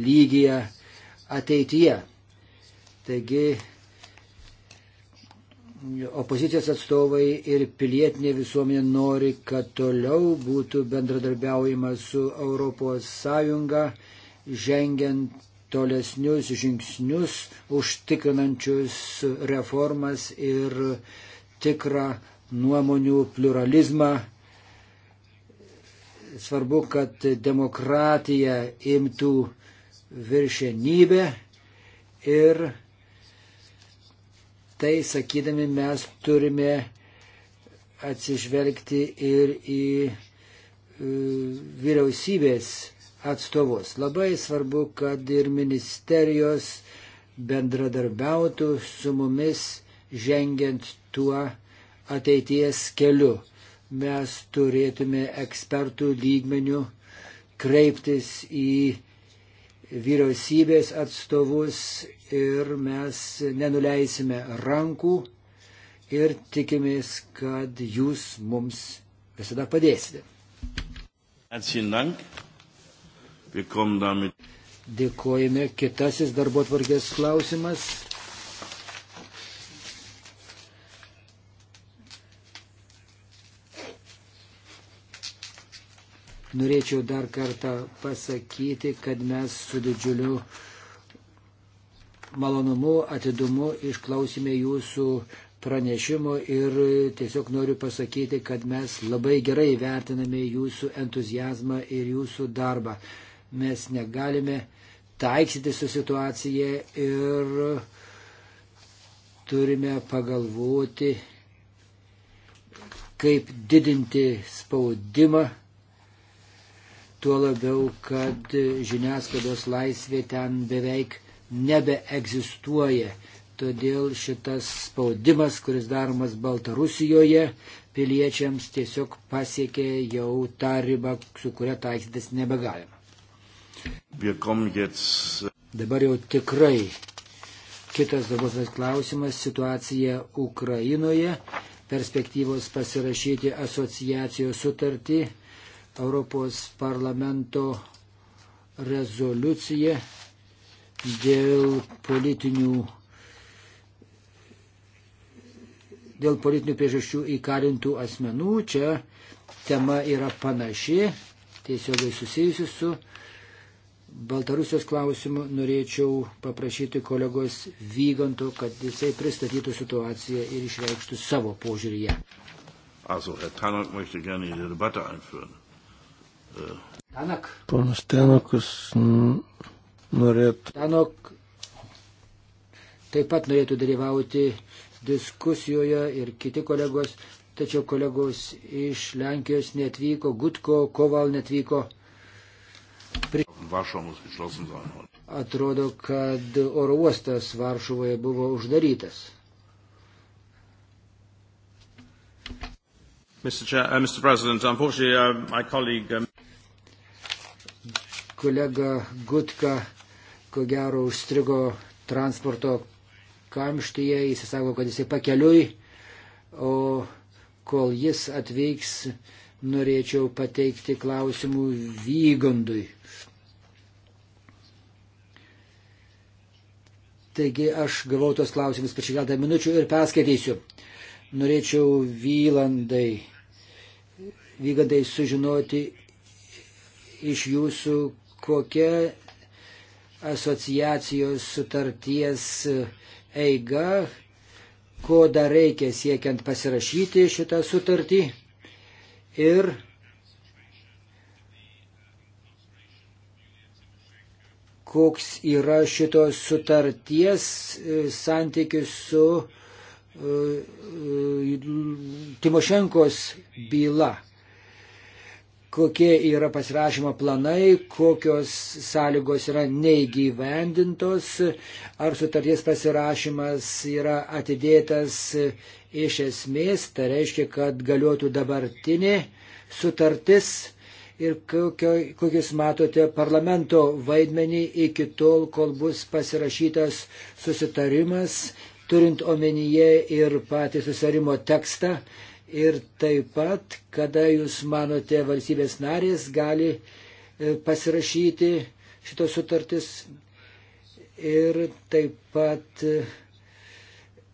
lygyje ateityje. Taigi opozicijos atstovai ir pilietinė visuomenė nori, kad toliau būtų bendradarbiaujama su ES, žengiant tolesnius žingsnius užtikrinančius reformas ir tikrą nuomonių pluralizmą. Svarbu, kad demokratija imtų viršenybę ir tai sakydami mes turime atsižvelgti ir į e, vyriausybės atstovus. Labai svarbu, kad ir ministerijos bendradarbiautų su mumis žengiant tuo ateities keliu. Mes turėtume ekspertų lygmenių kreiptis į vyriausybės atstovus ir mes nenuleisime rankų ir tikimės, kad jūs mums visada padėsite. Ačiū. Dėkojame. Kitasis darbo tvarkės klausimas. Norėčiau dar kartą pasakyti, kad mes su didžiuliu malonumu, atidumu išklausime jūsų pranešimo ir tiesiog noriu pasakyti, kad mes labai gerai vertiname jūsų entuzijazmą ir jūsų darbą. Mes negalime taiksyti su situacija ir turime pagalvoti, kaip didinti spaudimą Tuo labiau, kad žiniasklaidos laisvė ten beveik nebeegzistuoja. Todėl šitas spaudimas, kuris daromas Baltarusijoje, piliečiams tiesiog pasiekė jau tą ribą, su kuria taikytis nebegalima. Äh, Dabar jau tikrai kitas dabartas klausimas - situacija Ukrainoje, perspektyvos pasirašyti asociacijos sutartį, Europos parlamento rezoliucija dėl politinių dėl politinių priežasčių įkarintų asmenų. Čia tema yra panaši, tiesiogai susijusi su Baltarusijos klausimu norėčiau paprašyti kolegos Vyganto, kad jisai pristatytų situaciją ir išreikštų savo požiūrį. Also, Herr Tanak möchte gerne in die Debatte einführen. Äh. Tanak. Ponas Tanakas norėtų. Tanok taip pat norėtų dalyvauti diskusijoje ir kiti kolegos, tačiau kolegos iš Lenkijos netvyko, Gutko, Koval netvyko. Pri... Varšuvos išlosim zoną. Atrodo, kad oro uostas Varšuvoje buvo uždarytas. Mr. Chair, uh, Mr. President, unfortunately, uh, my colleague. Um... Kolega Gutka, ko gero, užstrigo transporto kamštyje, jis sako, kad jisai pakeliui, o kol jis atvyks, norėčiau pateikti klausimų Vygandui. Taigi aš gavau tos klausimus prieš keletą minučių ir perskaitysiu. Norėčiau Vylandai, Vygandai sužinoti iš jūsų, kokia asociacijos sutarties eiga, ko dar reikia siekiant pasirašyti šitą sutartį ir koks yra šitos sutarties e, santykis su e, e, Timošenkos byla kokie yra pasirašymo planai, kokios sąlygos yra neįgyvendintos, ar sutarties pasirašymas yra atidėtas iš esmės, tai reiškia, kad galiotų dabartinė sutartis ir kokius matote parlamento vaidmenį iki tol, kol bus pasirašytas susitarimas, turint omenyje ir patį susitarimo tekstą. Ir taip pat, kada jūs manote, valstybės narės gali e, pasirašyti šitos sutartis ir taip pat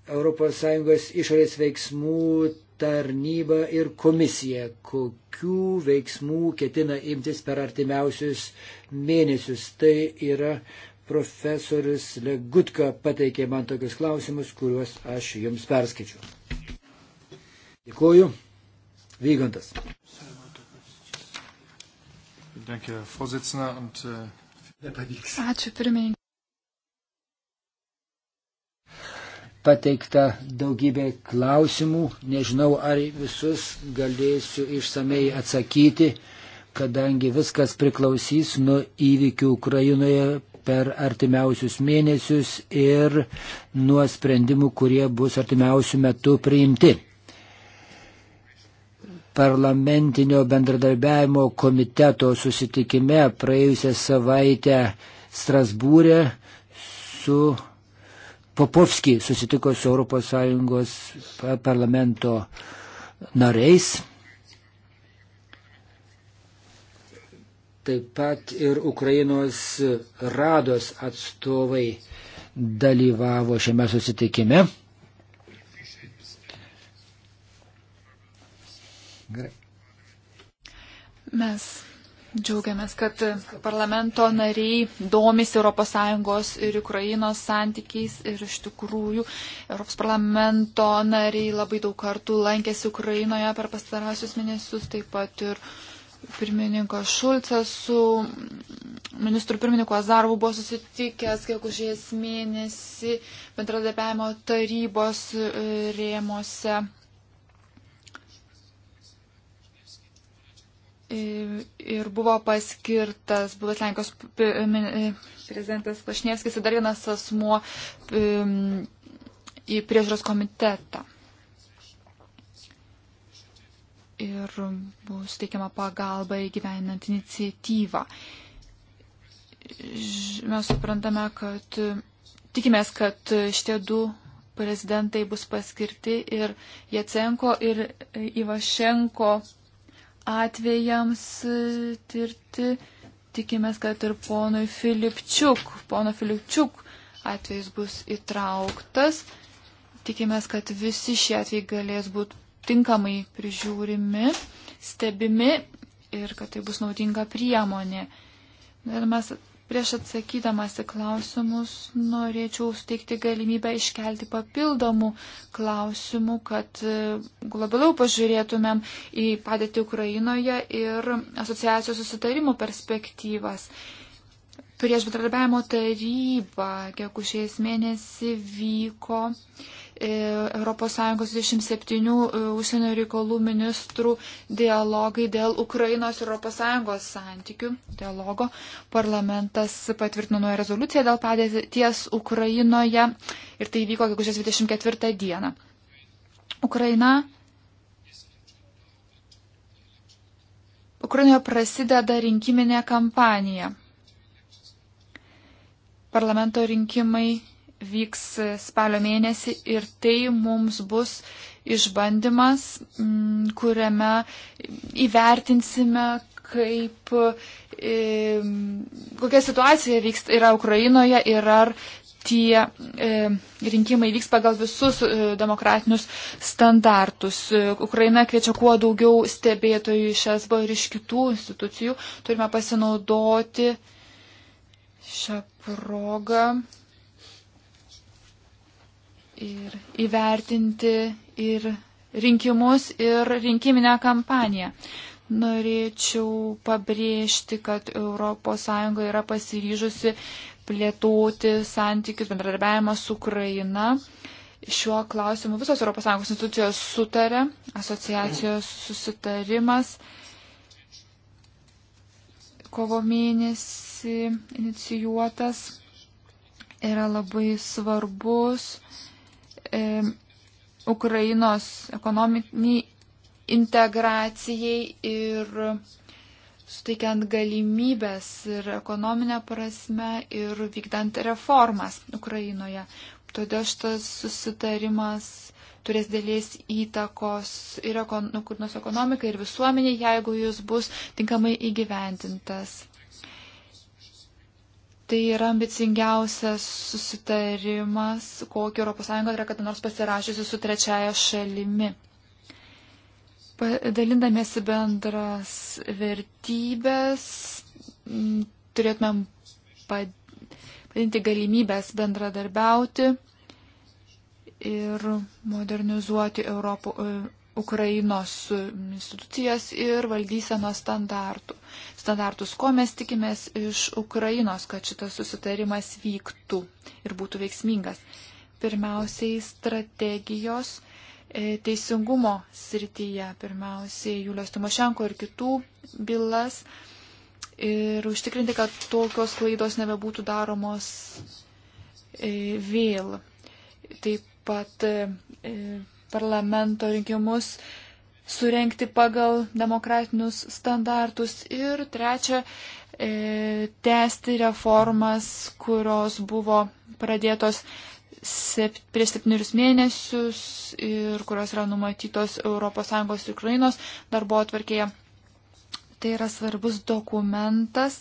ES išorės veiksmų tarnyba ir komisija, kokių veiksmų ketina imtis per artimiausius mėnesius. Tai yra profesorius Legutka pateikė man tokius klausimus, kuriuos aš jums perskaičiu. Dėkuoju. Vygantas. Äh, Ačiū pirmininkai. pateikta daugybė klausimų. Nežinau, ar visus galėsiu išsamei atsakyti, kadangi viskas priklausys nuo įvykių Ukrainoje per artimiausius mėnesius ir nuo sprendimų, kurie bus artimiausių metų priimti. Parlamentinio bendradarbiavimo komiteto susitikime praėjusią savaitę Strasbūrė su Popovski susitiko su ES parlamento nariais. Taip pat ir Ukrainos rados atstovai dalyvavo šiame susitikime. Gerai. Mes Džiaugiamės, kad parlamento nariai domys ES ir Ukrainos santykiais ir iš tikrųjų ES parlamento nariai labai daug kartų lankėsi Ukrainoje per pastarąsius mėnesius, taip pat ir pirmininkas Šulcas su ministru pirmininku Azarvu buvo susitikęs kiekužės mėnesį bendradarbiavimo tarybos rėmose ir buvo paskirtas buvęs Lenkijos prezidentas Klašnievskis ir dar vienas asmuo į priežiūros komitetą. Ir bus teikiama pagalba įgyveninant iniciatyvą. Mes suprantame, kad tikimės, kad šitie du prezidentai bus paskirti ir Jacenko ir Ivašenko atvejams e, tirti. Tikimės, kad ir ponui Filipčiuk, pono Filipčiuk atvejs bus įtrauktas. Tikimės, kad visi šie atvejai galės būti tinkamai prižiūrimi, stebimi ir kad tai bus naudinga priemonė. Ir mes Prieš atsakydamas į klausimus norėčiau suteikti galimybę iškelti papildomų klausimų, kad e, globaliau pažiūrėtumėm į padėtį Ukrainoje ir asociacijos susitarimų perspektyvas. Prieš bendradarbiavimo tarybą, kiek už šiais mėnesį vyko ES 27 e, užsienio reikalų ministrų dialogai dėl Ukrainos ir ES santykių dialogo. Parlamentas patvirtino naują rezoliuciją dėl padėties Ukrainoje ir tai vyko gegužės 24 dieną. Ukraina. Ukrainoje prasideda rinkiminė kampanija. Parlamento rinkimai vyks spalio mėnesį ir tai mums bus išbandymas, mm, kuriame įvertinsime, kaip, kokia situacija vyksta, yra Ukrainoje ir ar tie e, rinkimai vyks pagal visus e, demokratinius standartus. Ukraina kviečia kuo daugiau stebėtojų iš SBO ir iš kitų institucijų. Turime pasinaudoti šią progą ir įvertinti ir rinkimus, ir rinkiminę kampaniją. Norėčiau pabrėžti, kad ES yra pasiryžusi plėtoti santykius, bendradarbiavimą su Ukraina. Šiuo klausimu visos ES institucijos sutarė, asociacijos susitarimas kovo mėnesį inicijuotas yra labai svarbus e, Ukrainos ekonominiai integracijai ir suteikiant galimybės ir ekonominę prasme ir vykdant reformas Ukrainoje. Todėl šitas susitarimas turės dėlės įtakos ir nu, Ukrainos ekonomikai, ir visuomeniai, jeigu jis bus tinkamai įgyvendintas. Tai yra ambicingiausias susitarimas, kokį ES yra kada nors pasirašysi su trečiaja šalimi. Dalindamėsi bendras vertybės, turėtumėm padinti galimybės bendradarbiauti ir modernizuoti Europą, e, Ukrainos institucijas ir valdysenos standartų standartus, ko mes tikimės iš Ukrainos, kad šitas susitarimas vyktų ir būtų veiksmingas. Pirmiausiai strategijos e, teisingumo srityje, pirmiausiai Julius Tomašenko ir kitų bylas ir užtikrinti, kad tokios klaidos nebebūtų daromos e, vėl. Taip pat e, parlamento rinkimus surenkti pagal demokratinius standartus. Ir trečia, e, tęsti reformas, kurios buvo pradėtos sep, prieš septynerius mėnesius ir kurios yra numatytos ES ir Ukrainos darbo atvarkėje. Tai yra svarbus dokumentas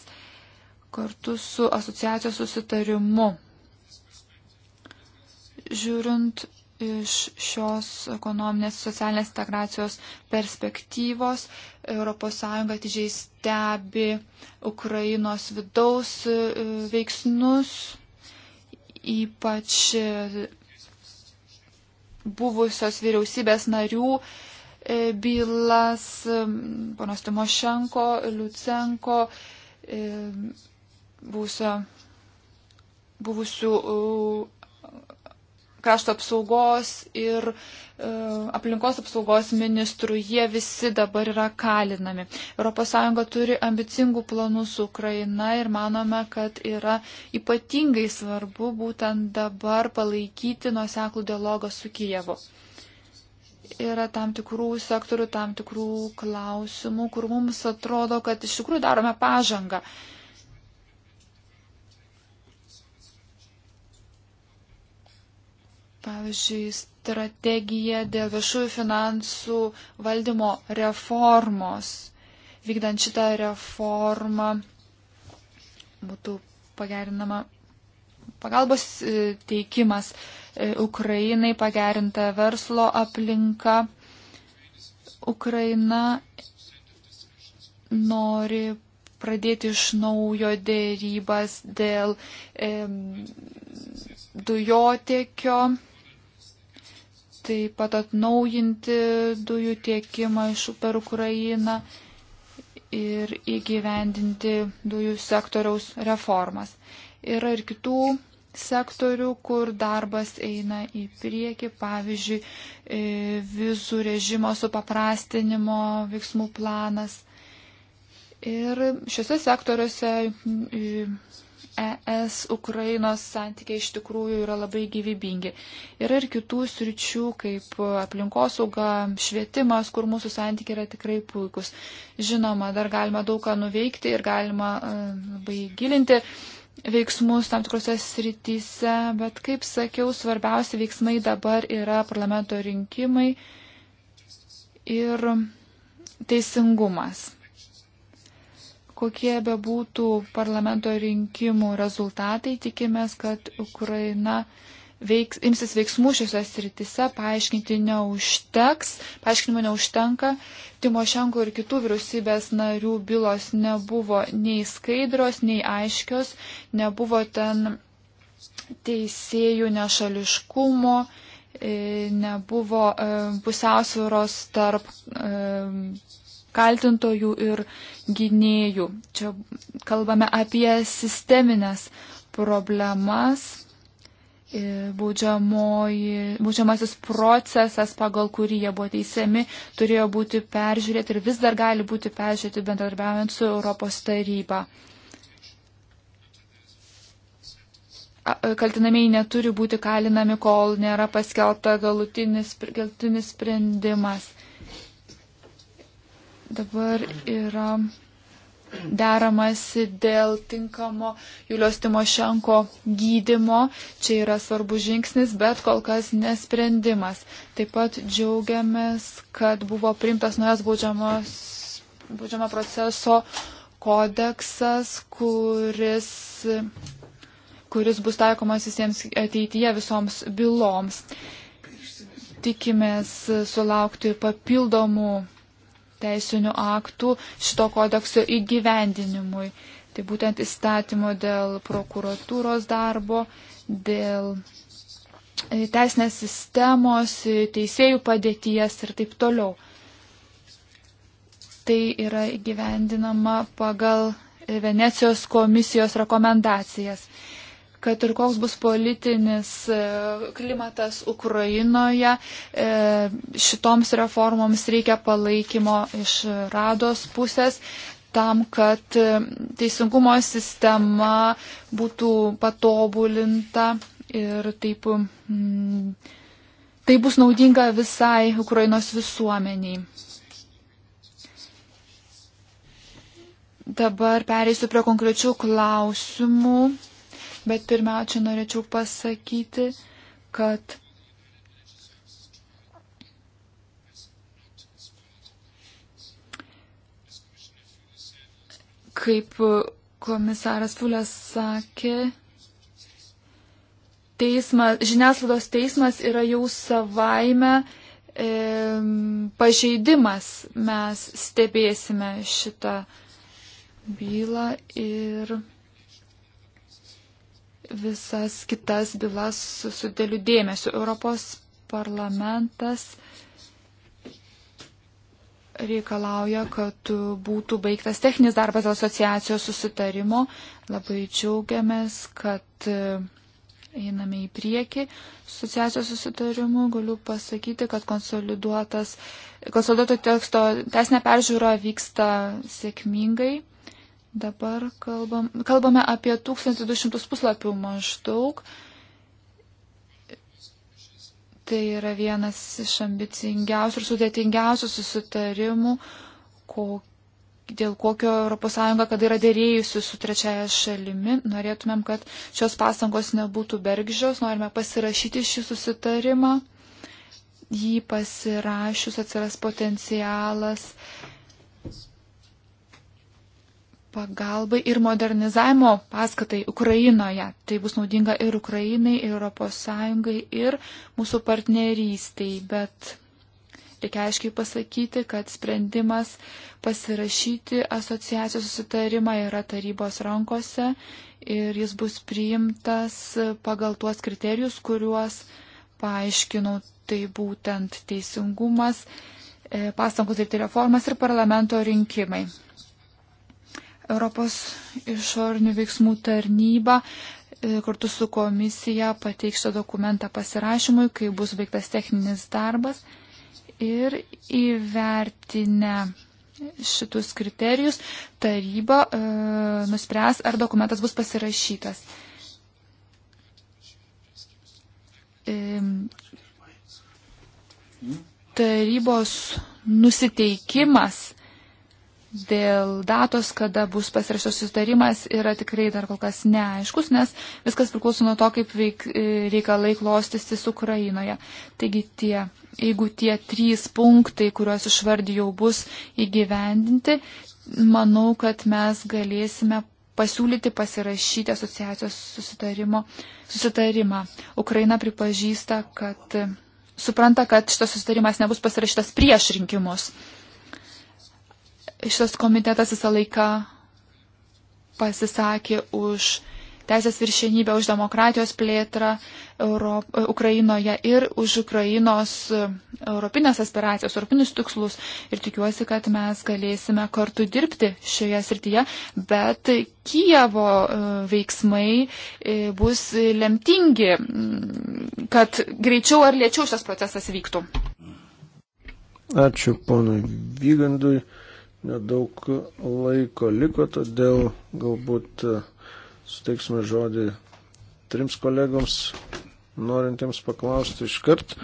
kartu su asociacijos susitarimu. Žiūrint iš šios ekonominės socialinės integracijos perspektyvos ES atidžiai stebi Ukrainos vidaus e, veiksnus, ypač e, buvusios vyriausybės narių e, bylas, panos Timošenko, Liucenko, buvusio buvusių krašto apsaugos ir e, aplinkos apsaugos ministrų. Jie visi dabar yra kalinami. ES turi ambicingų planų su Ukraina ir manome, kad yra ypatingai svarbu būtent dabar palaikyti nuoseklų dialogą su Kijevu. Yra tam tikrų sektorių, tam tikrų klausimų, kur mums atrodo, kad iš tikrųjų darome pažangą. E, pavyzdžiui, strategija dėl viešųjų finansų valdymo reformos. Vykdant šitą reformą būtų pagerinama pagalbos e, teikimas e, Ukrainai, pagerinta verslo aplinka. Ukraina nori pradėti iš naujo dėrybas dėl e, dujotiekio taip pat atnaujinti dujų tiekimą iš per Ukrainą ir įgyvendinti dujų sektoriaus reformas. Yra ir kitų sektorių, kur darbas eina į priekį, pavyzdžiui, e, vizų režimo supaprastinimo veiksmų planas. Ir šiuose sektoriuose ES Ukrainos santykiai iš tikrųjų yra labai gyvybingi. Yra ir kitų sričių, kaip aplinkosauga, švietimas, kur mūsų santykiai yra tikrai puikus. Žinoma, dar galima daug ką nuveikti ir galima e, labai gilinti veiksmus tam tikrose srityse, bet kaip sakiau, svarbiausi veiksmai dabar yra parlamento rinkimai ir teisingumas kokie bebūtų parlamento rinkimų rezultatai, tikimės, kad Ukraina veiks, imsis veiksmų šiuose sritise, paaiškinti neužteks, paaiškinimo neužtenka. Timošenko ir kitų vyriausybės narių bylos nebuvo nei skaidros, nei aiškios, nebuvo ten teisėjų nešališkumo, e, nebuvo e, pusiausvėros tarp e, kaltintojų ir gynėjų. Čia kalbame apie sisteminės problemas. E, Būdžiamoji, būdžiamasis procesas, pagal kurį jie buvo teisiami, turėjo būti peržiūrėti ir vis dar gali būti peržiūrėti bendradarbiaujant su Europos taryba. E, kaltinamieji neturi būti kalinami, kol nėra paskelbta galutinis, galutinis sprendimas dabar yra deramasi dėl tinkamo Julios Timošenko gydimo. Čia yra svarbus žingsnis, bet kol kas nesprendimas. Taip pat džiaugiamės, kad buvo primtas nuojas baudžiamo proceso kodeksas, kuris kuris bus taikomas visiems ateityje visoms byloms. Tikimės sulaukti papildomų teisinių aktų šito kodekso įgyvendinimui. Tai būtent įstatymo dėl prokuratūros darbo, dėl e, teisinės sistemos, e, teisėjų padėties ir taip toliau. Tai yra įgyvendinama pagal Venecijos komisijos rekomendacijas kad ir koks bus politinis e, klimatas Ukrainoje, e, šitoms reformoms reikia palaikymo iš rados pusės tam, kad e, teisingumo sistema būtų patobulinta ir taip. Mm, tai bus naudinga visai Ukrainos visuomeniai. Dabar pereisiu prie konkrečių klausimų. Bet pirmiausia, norėčiau pasakyti, kad kaip komisaras Fulės sakė, teismas, žiniasklaidos teismas yra jau savaime e, pažeidimas. Mes stebėsime šitą bylą ir visas kitas bylas su, su dėliu dėmesiu. Europos parlamentas reikalauja, kad būtų baigtas techninis darbas asociacijos susitarimo. Labai džiaugiamės, kad e, einame į priekį. Asociacijos susitarimu galiu pasakyti, kad konsoliduotas, konsoliduoto teksto teisinė peržiūra vyksta sėkmingai. Dabar kalbam, kalbame apie 1200 puslapių maždaug. Tai yra vienas iš ambicingiausių ir sudėtingiausių susitarimų, ko, dėl kokio ES kada yra dėrėjusi su trečiaja šalimi. Norėtumėm, kad šios pastangos nebūtų bergžios, norime pasirašyti šį susitarimą. Jį pasirašius atsiras potencialas pagalbai ir modernizavimo paskatai Ukrainoje. Tai bus naudinga ir Ukrainai, ir ES, ir mūsų partnerystiai. Bet reikia aiškiai pasakyti, kad sprendimas pasirašyti asociacijos susitarimą yra tarybos rankose ir jis bus priimtas pagal tuos kriterijus, kuriuos paaiškinau. Tai būtent teisingumas, e, pastangos ir reformas ir parlamento rinkimai. Europos išorinių veiksmų tarnyba e, kartu su komisija pateiks šio dokumentą pasirašymui, kai bus baigtas techninis darbas ir įvertinę šitus kriterijus taryba e, nuspręs, ar dokumentas bus pasirašytas. E, tarybos nusiteikimas dėl datos, kada bus pasirašytas sustarimas, yra tikrai dar kol kas neaiškus, nes viskas priklauso nuo to, kaip veik, e, reikalai klostysis Ukrainoje. Taigi tie, jeigu tie trys punktai, kuriuos išvardijau, bus įgyvendinti, manau, kad mes galėsime pasiūlyti pasirašyti asociacijos susitarimą. Ukraina pripažįsta, kad supranta, kad šitas susitarimas nebus pasirašytas prieš rinkimus. Šitas komitetas visą laiką pasisakė už teisės viršenybę, už demokratijos plėtrą Europ, Ukrainoje ir už Ukrainos e, europinės aspiracijas, europinius tikslus. Ir tikiuosi, kad mes galėsime kartu dirbti šioje srityje, bet Kijevo e, veiksmai e, bus lemtingi, kad greičiau ar lėčiau šitas procesas vyktų. Ačiū ponui Vygandui nedaug laiko liko, todėl galbūt e, suteiksime žodį trims kolegoms, norintiems paklausti iškart.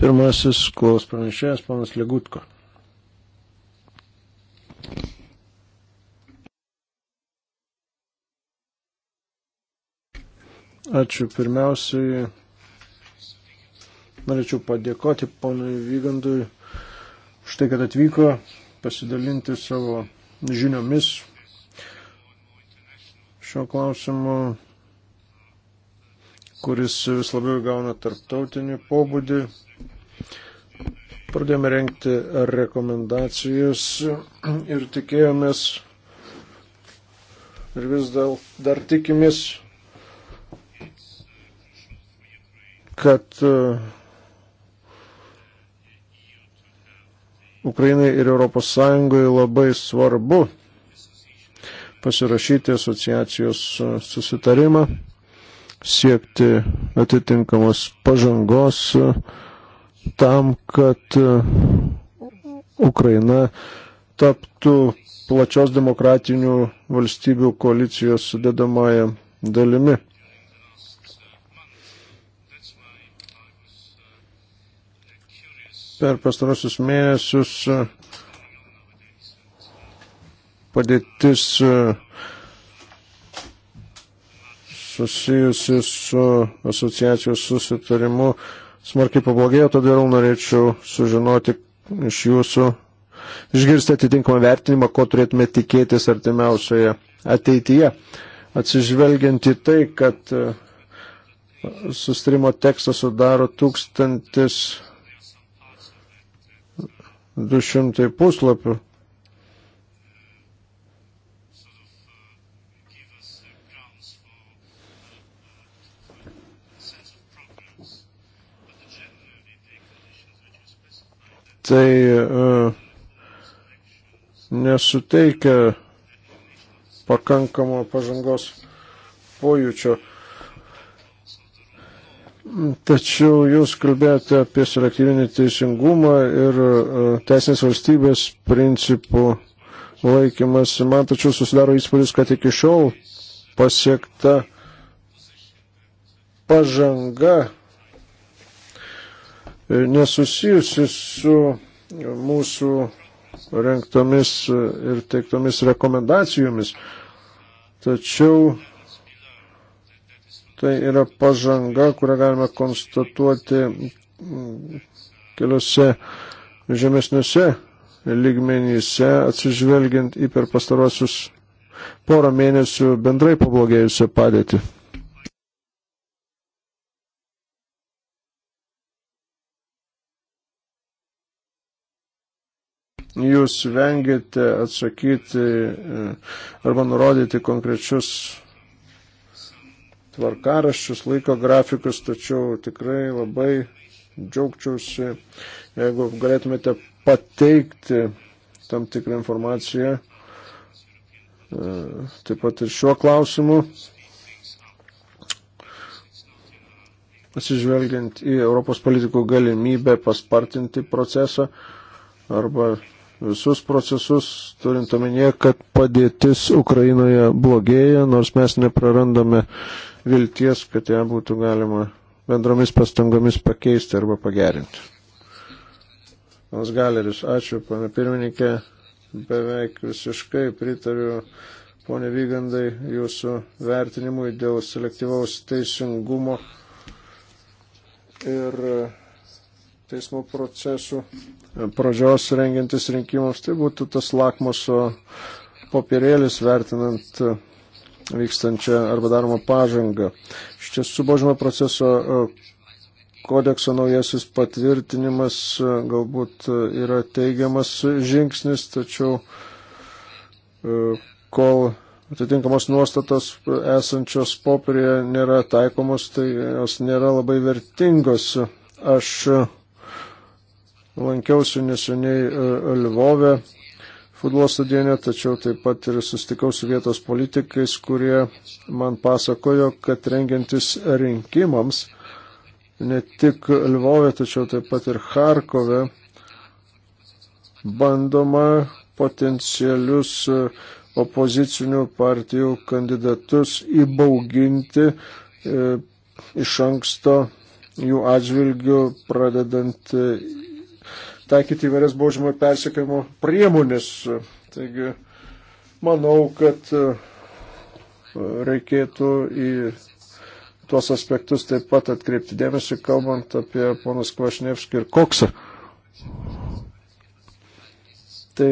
Pirmasis klaus pranešėjas, panas Legutko. Ačiū. Pirmiausiai Norėčiau padėkoti ponui Vygandui už tai, kad atvyko pasidalinti savo žiniomis šio klausimu, kuris vis labiau gauna tarptautinį pobūdį. Pradėjome renkti rekomendacijas ir tikėjomės ir vis dar, dar tikimės, kad uh, Ukrainai ir ES labai svarbu pasirašyti asociacijos susitarimą, siekti atitinkamos pažangos tam, kad Ukraina taptų plačios demokratinių valstybių koalicijos sudėdamąją dalimi. per pastarosius mėnesius e, padėtis e, susijusi su asociacijos susitarimu smarkiai pablogėjo, todėl norėčiau sužinoti iš jūsų, išgirsti atitinkamą vertinimą, ko turėtume tikėtis artimiausioje ateityje. Atsižvelgiant į tai, kad e, sustarimo tekstą sudaro 1000 200 puslapių. Tai uh, nesuteikia pakankamo pažangos pojūčio. Uh, Tačiau jūs kalbėjote apie selektyvinį teisingumą ir e, teisinės valstybės principų laikymas. Man tačiau susidaro įspūdis, kad iki šiol pasiekta pažanga e, nesusijusi su mūsų renktomis ir teiktomis rekomendacijomis. Tačiau Tai yra pažanga, kurią galime konstatuoti keliose žemesniuose lygmenyse, atsižvelgiant į per pastarosius porą mėnesių bendrai pablogėjusią padėtį. Jūs vengite atsakyti e, arba nurodyti konkrečius tvarkaraščius, laiko grafikus, tačiau tikrai labai džiaugčiausi, jeigu galėtumėte pateikti tam tikrą informaciją, e, taip pat ir šiuo klausimu, pasižvelgiant į Europos politikų galimybę paspartinti procesą arba visus procesus, turint omenyje, kad padėtis Ukrainoje blogėja, nors mes neprarandame uh, vilties, kad ją būtų galima bendromis pastangomis pakeisti arba pagerinti. Nors galeris, ačiū, pana pirmininkė, beveik visiškai pritariu, ponė Vygandai, jūsų vertinimui dėl selektyvaus teisingumo ir teismo procesų pradžios rengiantis rinkimams. Tai būtų tas lakmoso popierėlis vertinant vykstančią arba daromą pažangą. Iš tiesų, baudžiamo proceso e, kodekso naujasis patvirtinimas e, galbūt e, yra teigiamas žingsnis, tačiau kol atitinkamos nuostatos esančios popierėje nėra taikomos, tai jos nėra labai vertingos. Aš lankiausi neseniai Lvove futbolo stadione, tačiau taip pat ir sustikau su vietos politikais, kurie man pasakojo, kad rengiantis rinkimams ne tik Lvovė, tačiau taip pat ir Harkove bandoma potencialius opozicinių partijų kandidatus įbauginti e, iš anksto jų atžvilgių pradedant taikyti įvairias baudžiamo persikėjimo priemonės. Taigi, manau, kad e, reikėtų į tuos aspektus taip pat atkreipti dėmesį, kalbant apie ponas Kvašnevskį ir Koksą. Tai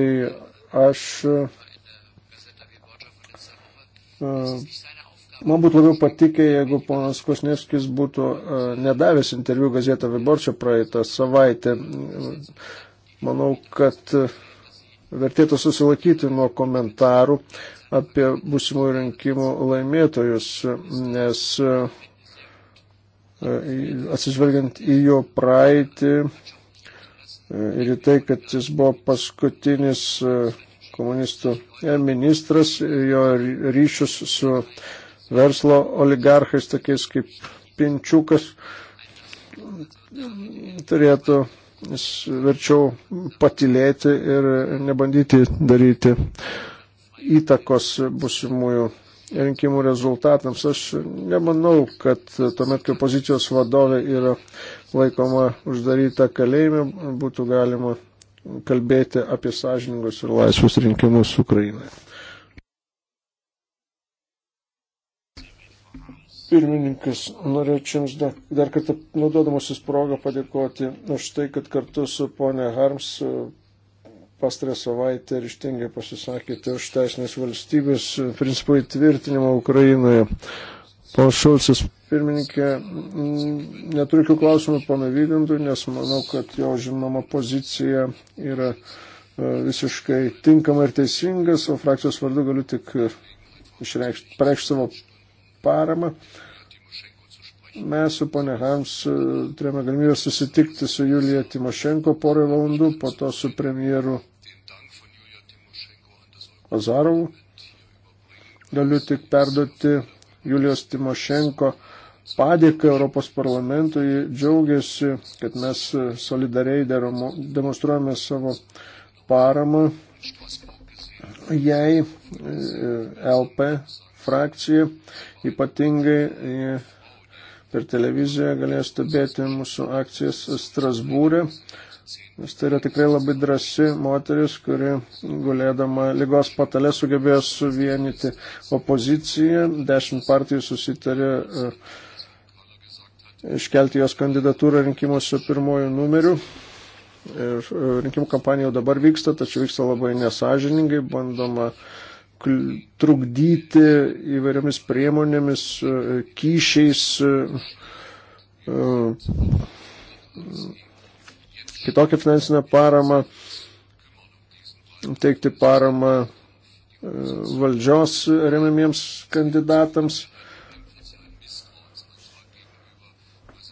aš e, Man būtų labiau patikę, jeigu ponas Kosnevskis būtų e, nedavęs interviu gazetą Viborčio praeitą savaitę. Manau, kad e, vertėtų susilakyti nuo komentarų apie būsimų rinkimų laimėtojus, nes e, atsižvelgiant į jo praeitį ir į tai, kad jis buvo paskutinis komunistų ministras, jo ryšius su verslo oligarchais, tokiais kaip Pinčiukas, turėtų verčiau patilėti ir nebandyti daryti įtakos busimųjų rinkimų rezultatams. Aš nemanau, kad tuomet, kai pozicijos vadovė yra laikoma uždaryta kalėjime, būtų galima kalbėti apie sąžiningus ir laisvus rinkimus Ukrainoje. pirmininkas, norėčiau Jums dar, dar kartą naudodamasis progą padėkoti už tai, kad kartu su ponė Harms e, pastarę savaitę ryštingai pasisakėte už teisinės valstybės e, principų įtvirtinimą Ukrainoje. Pana Šulcis, pirmininkė, neturiu jokių klausimų pana Vygandui, nes manau, kad jo žinoma pozicija yra e, visiškai tinkama ir teisingas, o frakcijos vardu galiu tik išreikšti, pareikšti savo paramą. Mes su ponė Hams e, turėjome galimybę susitikti su Julija Timošenko porą valandų, po to su premjeru Azarovu. Galiu tik perduoti Julijos Timošenko padėką Europos parlamentui, džiaugiasi, kad mes solidariai demonstruojame savo paramą jai e, LP frakcija, ypatingai e, per televiziją galėjo stebėti mūsų akcijas Strasbūrė. Nes tai yra tikrai labai drasi moteris, kuri gulėdama lygos patale sugebėjo suvienyti opoziciją. Dešimt partijų susitarė e, iškelti jos kandidatūrą rinkimuose pirmojų numerių. Ir e, rinkimų kampanija jau dabar vyksta, tačiau vyksta labai nesažiningai, bandoma uh, trukdyti įvairiomis priemonėmis, e, kyšiais, e, e, kitokią finansinę paramą, teikti paramą valdžios remiamiems kandidatams,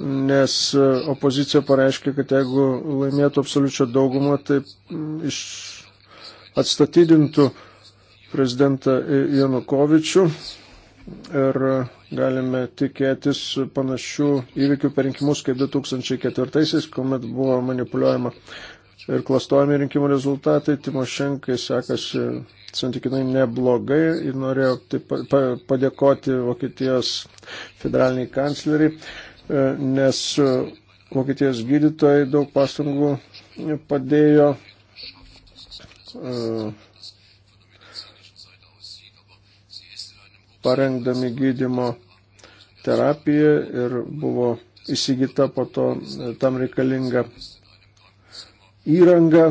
nes opozicija pareiškia, kad jeigu laimėtų absoliučią daugumą, tai iš atstatydintų uh, prezidentą Janukovičių ir galime tikėtis panašių įvykių per rinkimus kaip 2004-aisiais, kuomet buvo manipuliuojama ir klastojami rinkimų rezultatai. Timošenkai sekasi santykinai neblogai ir norėjau taip padėkoti Vokietijos federaliniai kancleriai, e, nes Vokietijos gydytojai daug pastangų padėjo e, parengdami gydimo terapiją ir buvo įsigyta po to e, tam reikalinga įranga.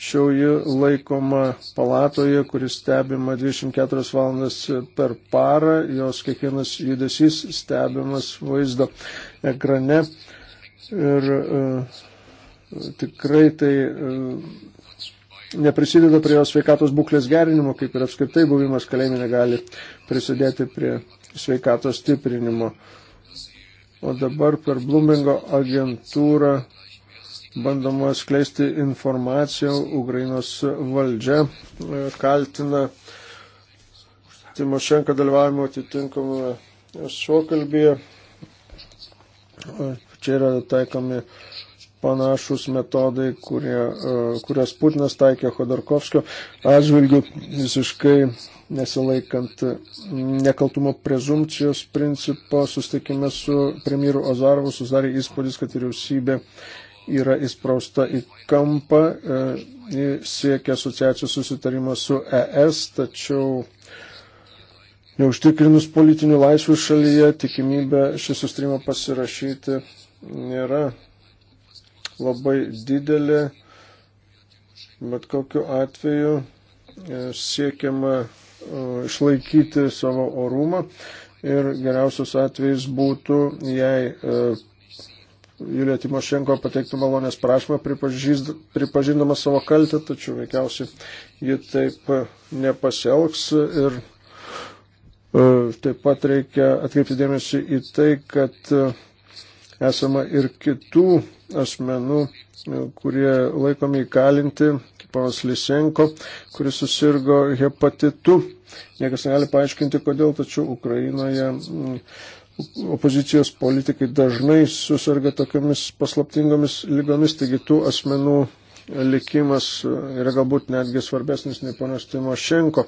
Šiau ji laikoma palatoje, kuris stebima 24 valandas per parą, jos kiekvienas judesys stebimas vaizdo ekrane. Ir e, tikrai tai e, neprisideda prie jos sveikatos būklės gerinimo, kaip ir apskritai buvimas kalėjime negali prisidėti prie sveikatos stiprinimo. O dabar per Blumingo agentūrą bandoma skleisti informaciją, Ukrainos valdžia e, kaltina Timošenko dalyvavimo atitinkamame suokalbėje. Čia yra taikomi panašus metodai, kurie, e, kurias Putinas taikė Khodorkovskio atžvilgių, visiškai nesilaikant nekaltumo prezumcijos principo, sustikime su premjeru Ozarovu susidarė įspūdis, kad vyriausybė yra įsprausta į kampą, e, siekia asociacijos susitarimą su ES, tačiau neužtikrinus politinių laisvių šalyje tikimybė šį sustarimą pasirašyti nėra labai didelė, bet kokiu atveju e, siekiama e, išlaikyti savo orumą ir geriausios atvejais būtų, jei e, Julija Timošenko pateiktų malonės prašymą pripažindama savo kaltę, tačiau veikiausiai ji taip nepasielgs ir taip pat reikia atkreipti dėmesį į tai, kad esama ir kitų asmenų, kurie laikomi įkalinti, kaip panas Lisenko, kuris susirgo hepatitu. Niekas negali paaiškinti, kodėl, tačiau Ukrainoje mm, opozicijos politikai dažnai susirga tokiamis paslaptingomis lygomis, taigi tų asmenų likimas yra galbūt netgi svarbesnis nei panas Timošenko.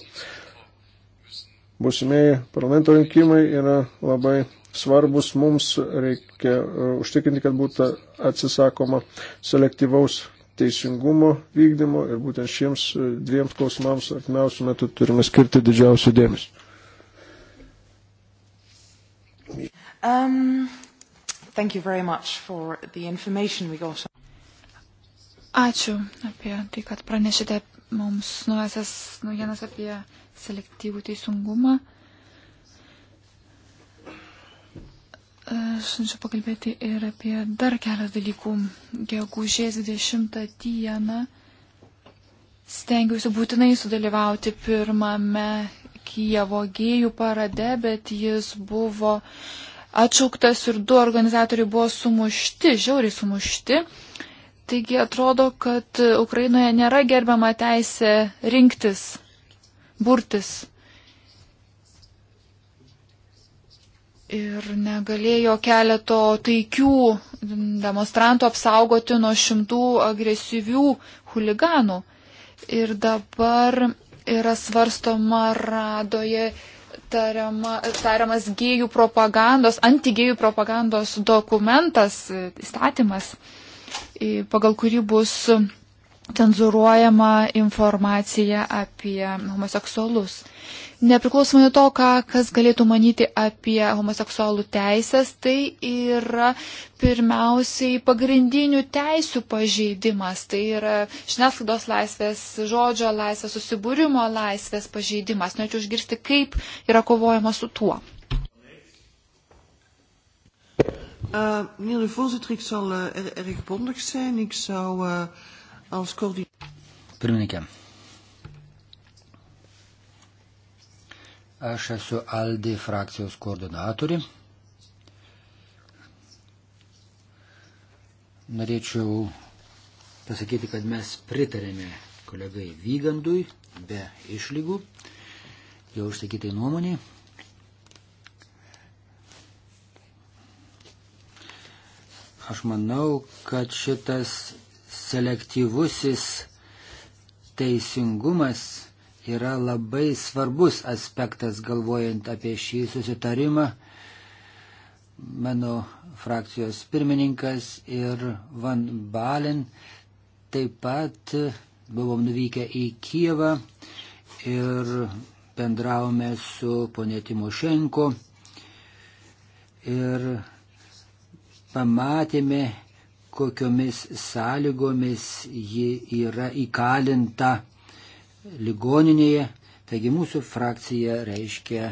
Būsimieji parlamento rinkimai yra labai svarbus mums, reikia e, užtikrinti, kad būtų atsisakoma selektyvaus teisingumo vykdymo ir būtent šiems e, dviems klausimams artimiausių metų turime skirti didžiausių dėmesį. Um, thank you very much for the information we got. Ačiū apie tai, kad pranešėte mums naujasias naujienas apie selektyvų teisingumą. Aš norėčiau pakalbėti ir apie dar keletą dalykų. Gegužės 20 dieną stengiausi būtinai sudalyvauti pirmame Kijevo gėjų parade, bet jis buvo atšauktas ir du organizatoriai buvo sumušti, žiauriai sumušti. Taigi atrodo, kad Ukrainoje nėra gerbiama teisė rinktis, burtis. ir negalėjo keleto taikių demonstrantų apsaugoti nuo šimtų agresyvių huliganų. Ir dabar yra svarstoma radoje tariama, tariamas gėjų propagandos, antigėjų propagandos dokumentas, įstatymas, pagal kurį bus cenzuruojama informacija apie homoseksualus. Nepriklausomai nuo to, ką, kas galėtų manyti apie homoseksualų teisės, tai yra pirmiausiai pagrindinių teisių pažeidimas. Tai yra žiniasklaidos laisvės, žodžio laisvės, susibūrimo laisvės pažeidimas. Norėčiau išgirsti, kaip yra kovojama su tuo. Uh, meneer de voorzitter, ik zal uh, er, erg bondig zijn. Ik zou uh, als coördinator. Aš esu Aldi frakcijos koordinatori. Norėčiau pasakyti, kad mes pritarėme kolegai Vygandui be išlygų, jau užsakytai nuomonį. Aš manau, kad šitas selektyvusis teisingumas yra labai svarbus aspektas galvojant apie šį susitarimą. Mano frakcijos pirmininkas ir Van Balen taip pat buvom nuvykę į Kievą ir bendravome su ponė Timošenko ir pamatėme, kokiomis sąlygomis ji yra įkalinta ligoninėje. Taigi mūsų frakcija reiškia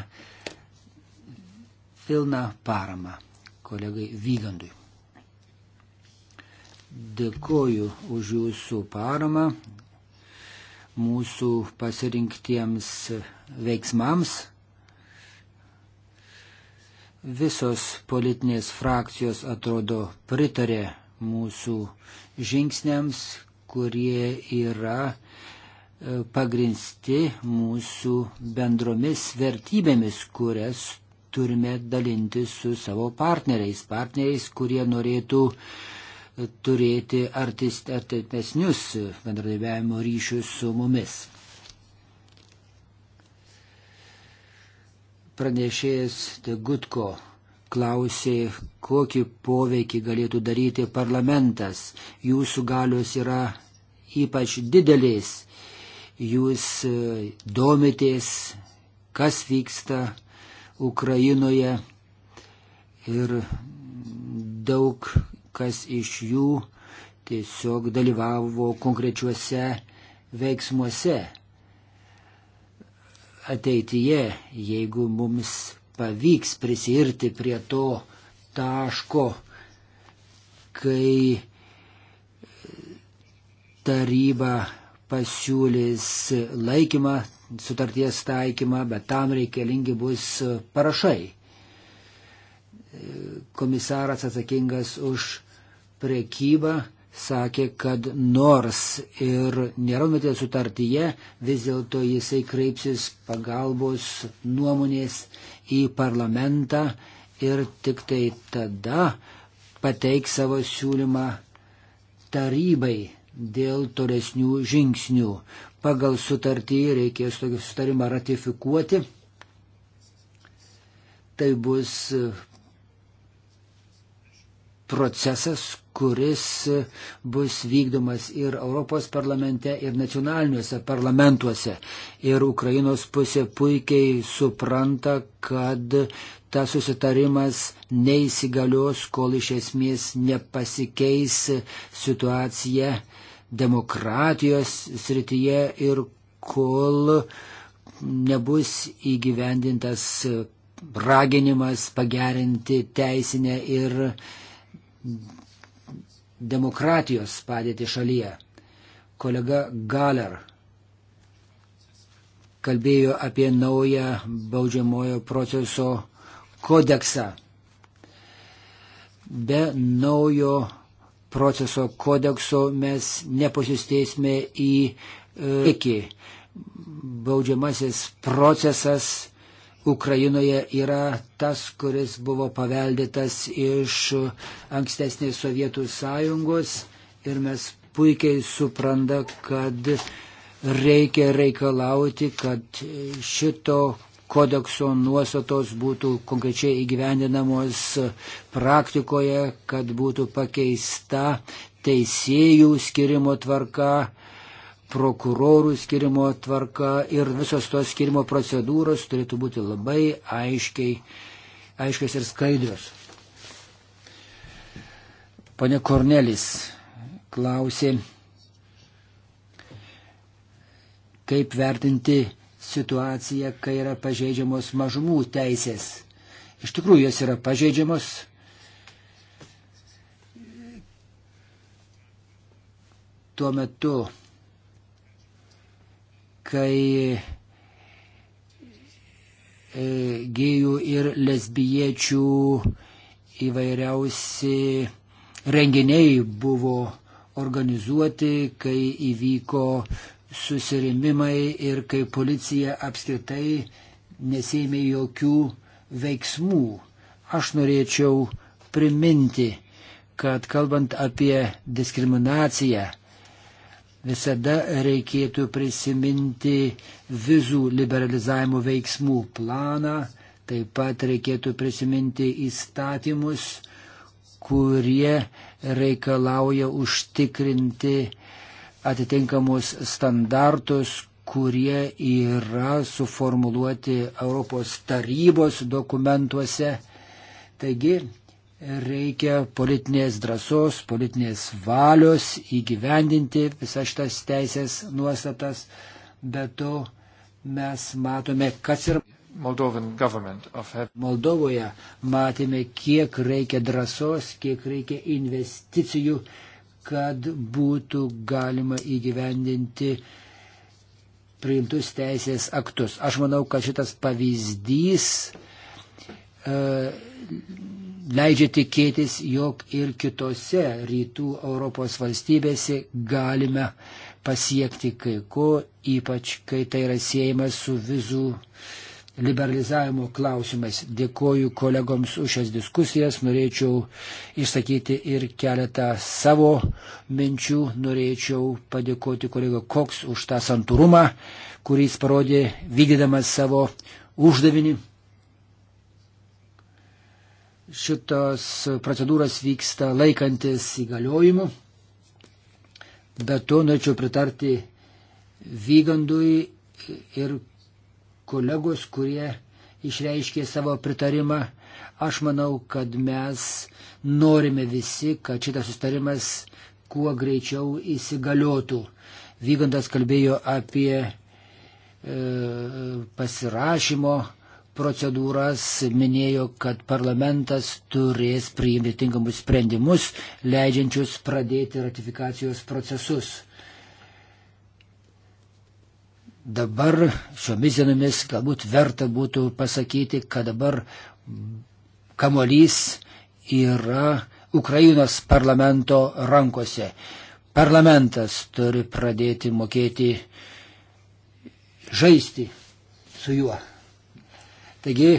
pilną paramą kolegai Vygandui. Dėkoju už jūsų paramą mūsų pasirinktiems veiksmams. Visos politinės frakcijos atrodo pritarė mūsų žingsniams, kurie yra pagrinsti mūsų bendromis vertybėmis, kurias turime dalinti su savo partneriais, partneriais, kurie norėtų turėti artimesnius bendradarbiavimo ryšius su mumis. Pranešėjas Degutko klausė, kokį poveikį galėtų daryti parlamentas. Jūsų galios yra ypač didelės jūs e, domitės, kas vyksta Ukrainoje ir daug kas iš jų tiesiog dalyvavo konkrečiuose veiksmuose. Ateityje, jeigu mums pavyks prisirti prie to taško, kai taryba pasiūlys laikymą, sutarties taikymą, bet tam reikalingi bus parašai. Komisaras atsakingas už prekybą sakė, kad nors ir nėra numatyta sutartyje, vis dėlto jisai kreipsis pagalbos nuomonės į parlamentą ir tik tai tada pateiks savo siūlymą tarybai dėl tolesnių žingsnių. Pagal sutartį reikės tokį sutarimą ratifikuoti. Tai bus e, procesas, kuris bus vykdomas ir Europos parlamente, ir nacionaliniuose parlamentuose. Ir Ukrainos pusė puikiai supranta, kad tas susitarimas neįsigalios, kol iš esmės nepasikeis situacija demokratijos srityje ir kol nebus įgyvendintas raginimas pagerinti teisinę ir demokratijos padėtį šalyje. Kolega Galer kalbėjo apie naują baudžiamojo proceso kodeksą. Be naujo proceso kodekso mes nepasistėsime į e, iki. Baudžiamasis procesas Ukrainoje yra tas, kuris buvo paveldėtas iš ankstesnės Sovietų sąjungos ir mes puikiai supranta, kad reikia reikalauti, kad šito kodekso nuostatos būtų konkrečiai įgyvendinamos praktikoje, kad būtų pakeista teisėjų skirimo tvarka, prokurorų skirimo tvarka ir visos tos skirimo procedūros turėtų būti labai aiškiai, aiškios ir skaidrios. Pane Kornelis klausė, kaip vertinti situaciją, kai yra pažeidžiamos mažumų teisės. Iš tikrųjų, jos yra pažeidžiamos. Tuo metu kai e, gėjų ir lesbiečių įvairiausi renginiai buvo organizuoti, kai įvyko susirimimai ir kai policija apskritai nesėmė jokių veiksmų. Aš norėčiau priminti, kad kalbant apie diskriminaciją, visada reikėtų prisiminti vizų liberalizavimo veiksmų planą, taip pat reikėtų prisiminti įstatymus, kurie reikalauja užtikrinti atitinkamus standartus, kurie yra suformuluoti Europos tarybos dokumentuose. Taigi reikia politinės drąsos, politinės valios įgyvendinti visas šitas teisės nuostatas, bet to mes matome, kas ir Moldovoje matėme, kiek reikia drąsos, kiek reikia investicijų, kad būtų galima įgyvendinti priimtus teisės aktus. Aš manau, kad šitas pavyzdys e, leidžia tikėtis, jog ir kitose rytų Europos valstybėse galime pasiekti kai ko, ypač kai tai yra siejama su vizų liberalizavimo klausimais. Dėkoju kolegoms už šias diskusijas, norėčiau išsakyti ir keletą savo minčių, norėčiau padėkoti kolego Koks už tą santūrumą, kurį jis parodė vykdydamas savo uždavinį šitos procedūros vyksta laikantis įgaliojimu. Bet to norėčiau pritarti Vygandui ir kolegos, kurie išreiškė savo pritarimą. Aš manau, kad mes norime visi, kad šitas sustarimas kuo greičiau įsigaliotų. Vygandas kalbėjo apie e, pasirašymo procedūras, minėjo, kad parlamentas turės priimti tinkamus sprendimus, leidžiančius pradėti ratifikacijos procesus. Dabar šiomis dienomis galbūt verta būtų pasakyti, kad dabar kamolys yra Ukrainos parlamento rankose. Parlamentas turi pradėti mokėti žaisti su juo. Taigi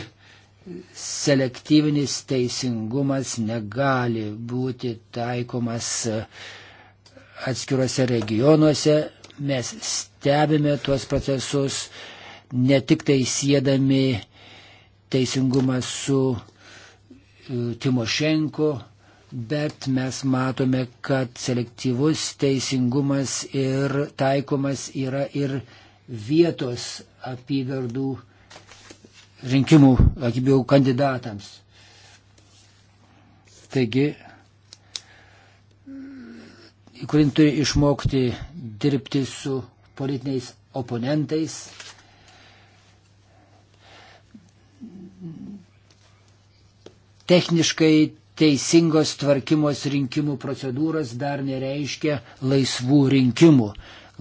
selektyvinis teisingumas negali būti taikomas atskiruose regionuose. Mes stebime tuos procesus ne tik tai siedami teisingumą su e, Timošenko, bet mes matome, kad selektyvus teisingumas ir taikomas yra ir vietos apygardų rinkimų akibėjų kandidatams. Taigi, kurint turi išmokti dirbti su politiniais oponentais. Techniškai teisingos tvarkymos rinkimų procedūros dar nereiškia laisvų rinkimų.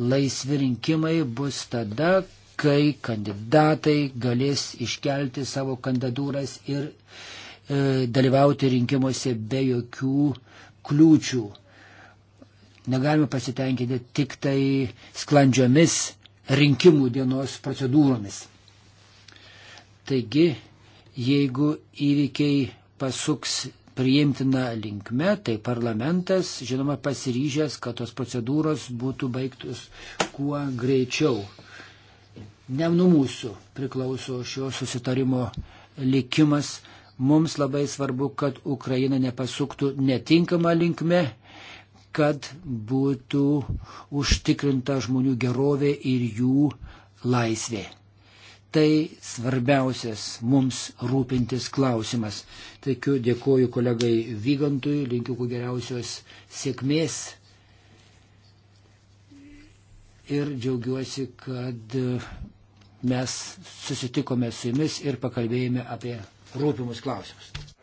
Laisvi rinkimai bus tada, kai kandidatai galės iškelti savo kandidatūras ir e, dalyvauti rinkimuose be jokių kliūčių. Negalime pasitenkinti tik tai sklandžiomis rinkimų dienos procedūromis. Taigi, jeigu įvykiai pasuks priimtina linkme, tai parlamentas, žinoma, pasiryžęs, kad tos procedūros būtų baigtus kuo greičiau. Ne nuo mūsų priklauso šio susitarimo likimas. Mums labai svarbu, kad Ukraina nepasuktų netinkamą linkmę, kad būtų užtikrinta žmonių gerovė ir jų laisvė. Tai svarbiausias mums rūpintis klausimas. Tikiu, dėkoju kolegai Vygantui, linkiu kuo geriausios sėkmės ir džiaugiuosi, kad mes susitikome su jumis ir pakalbėjome apie rūpimus klausimus.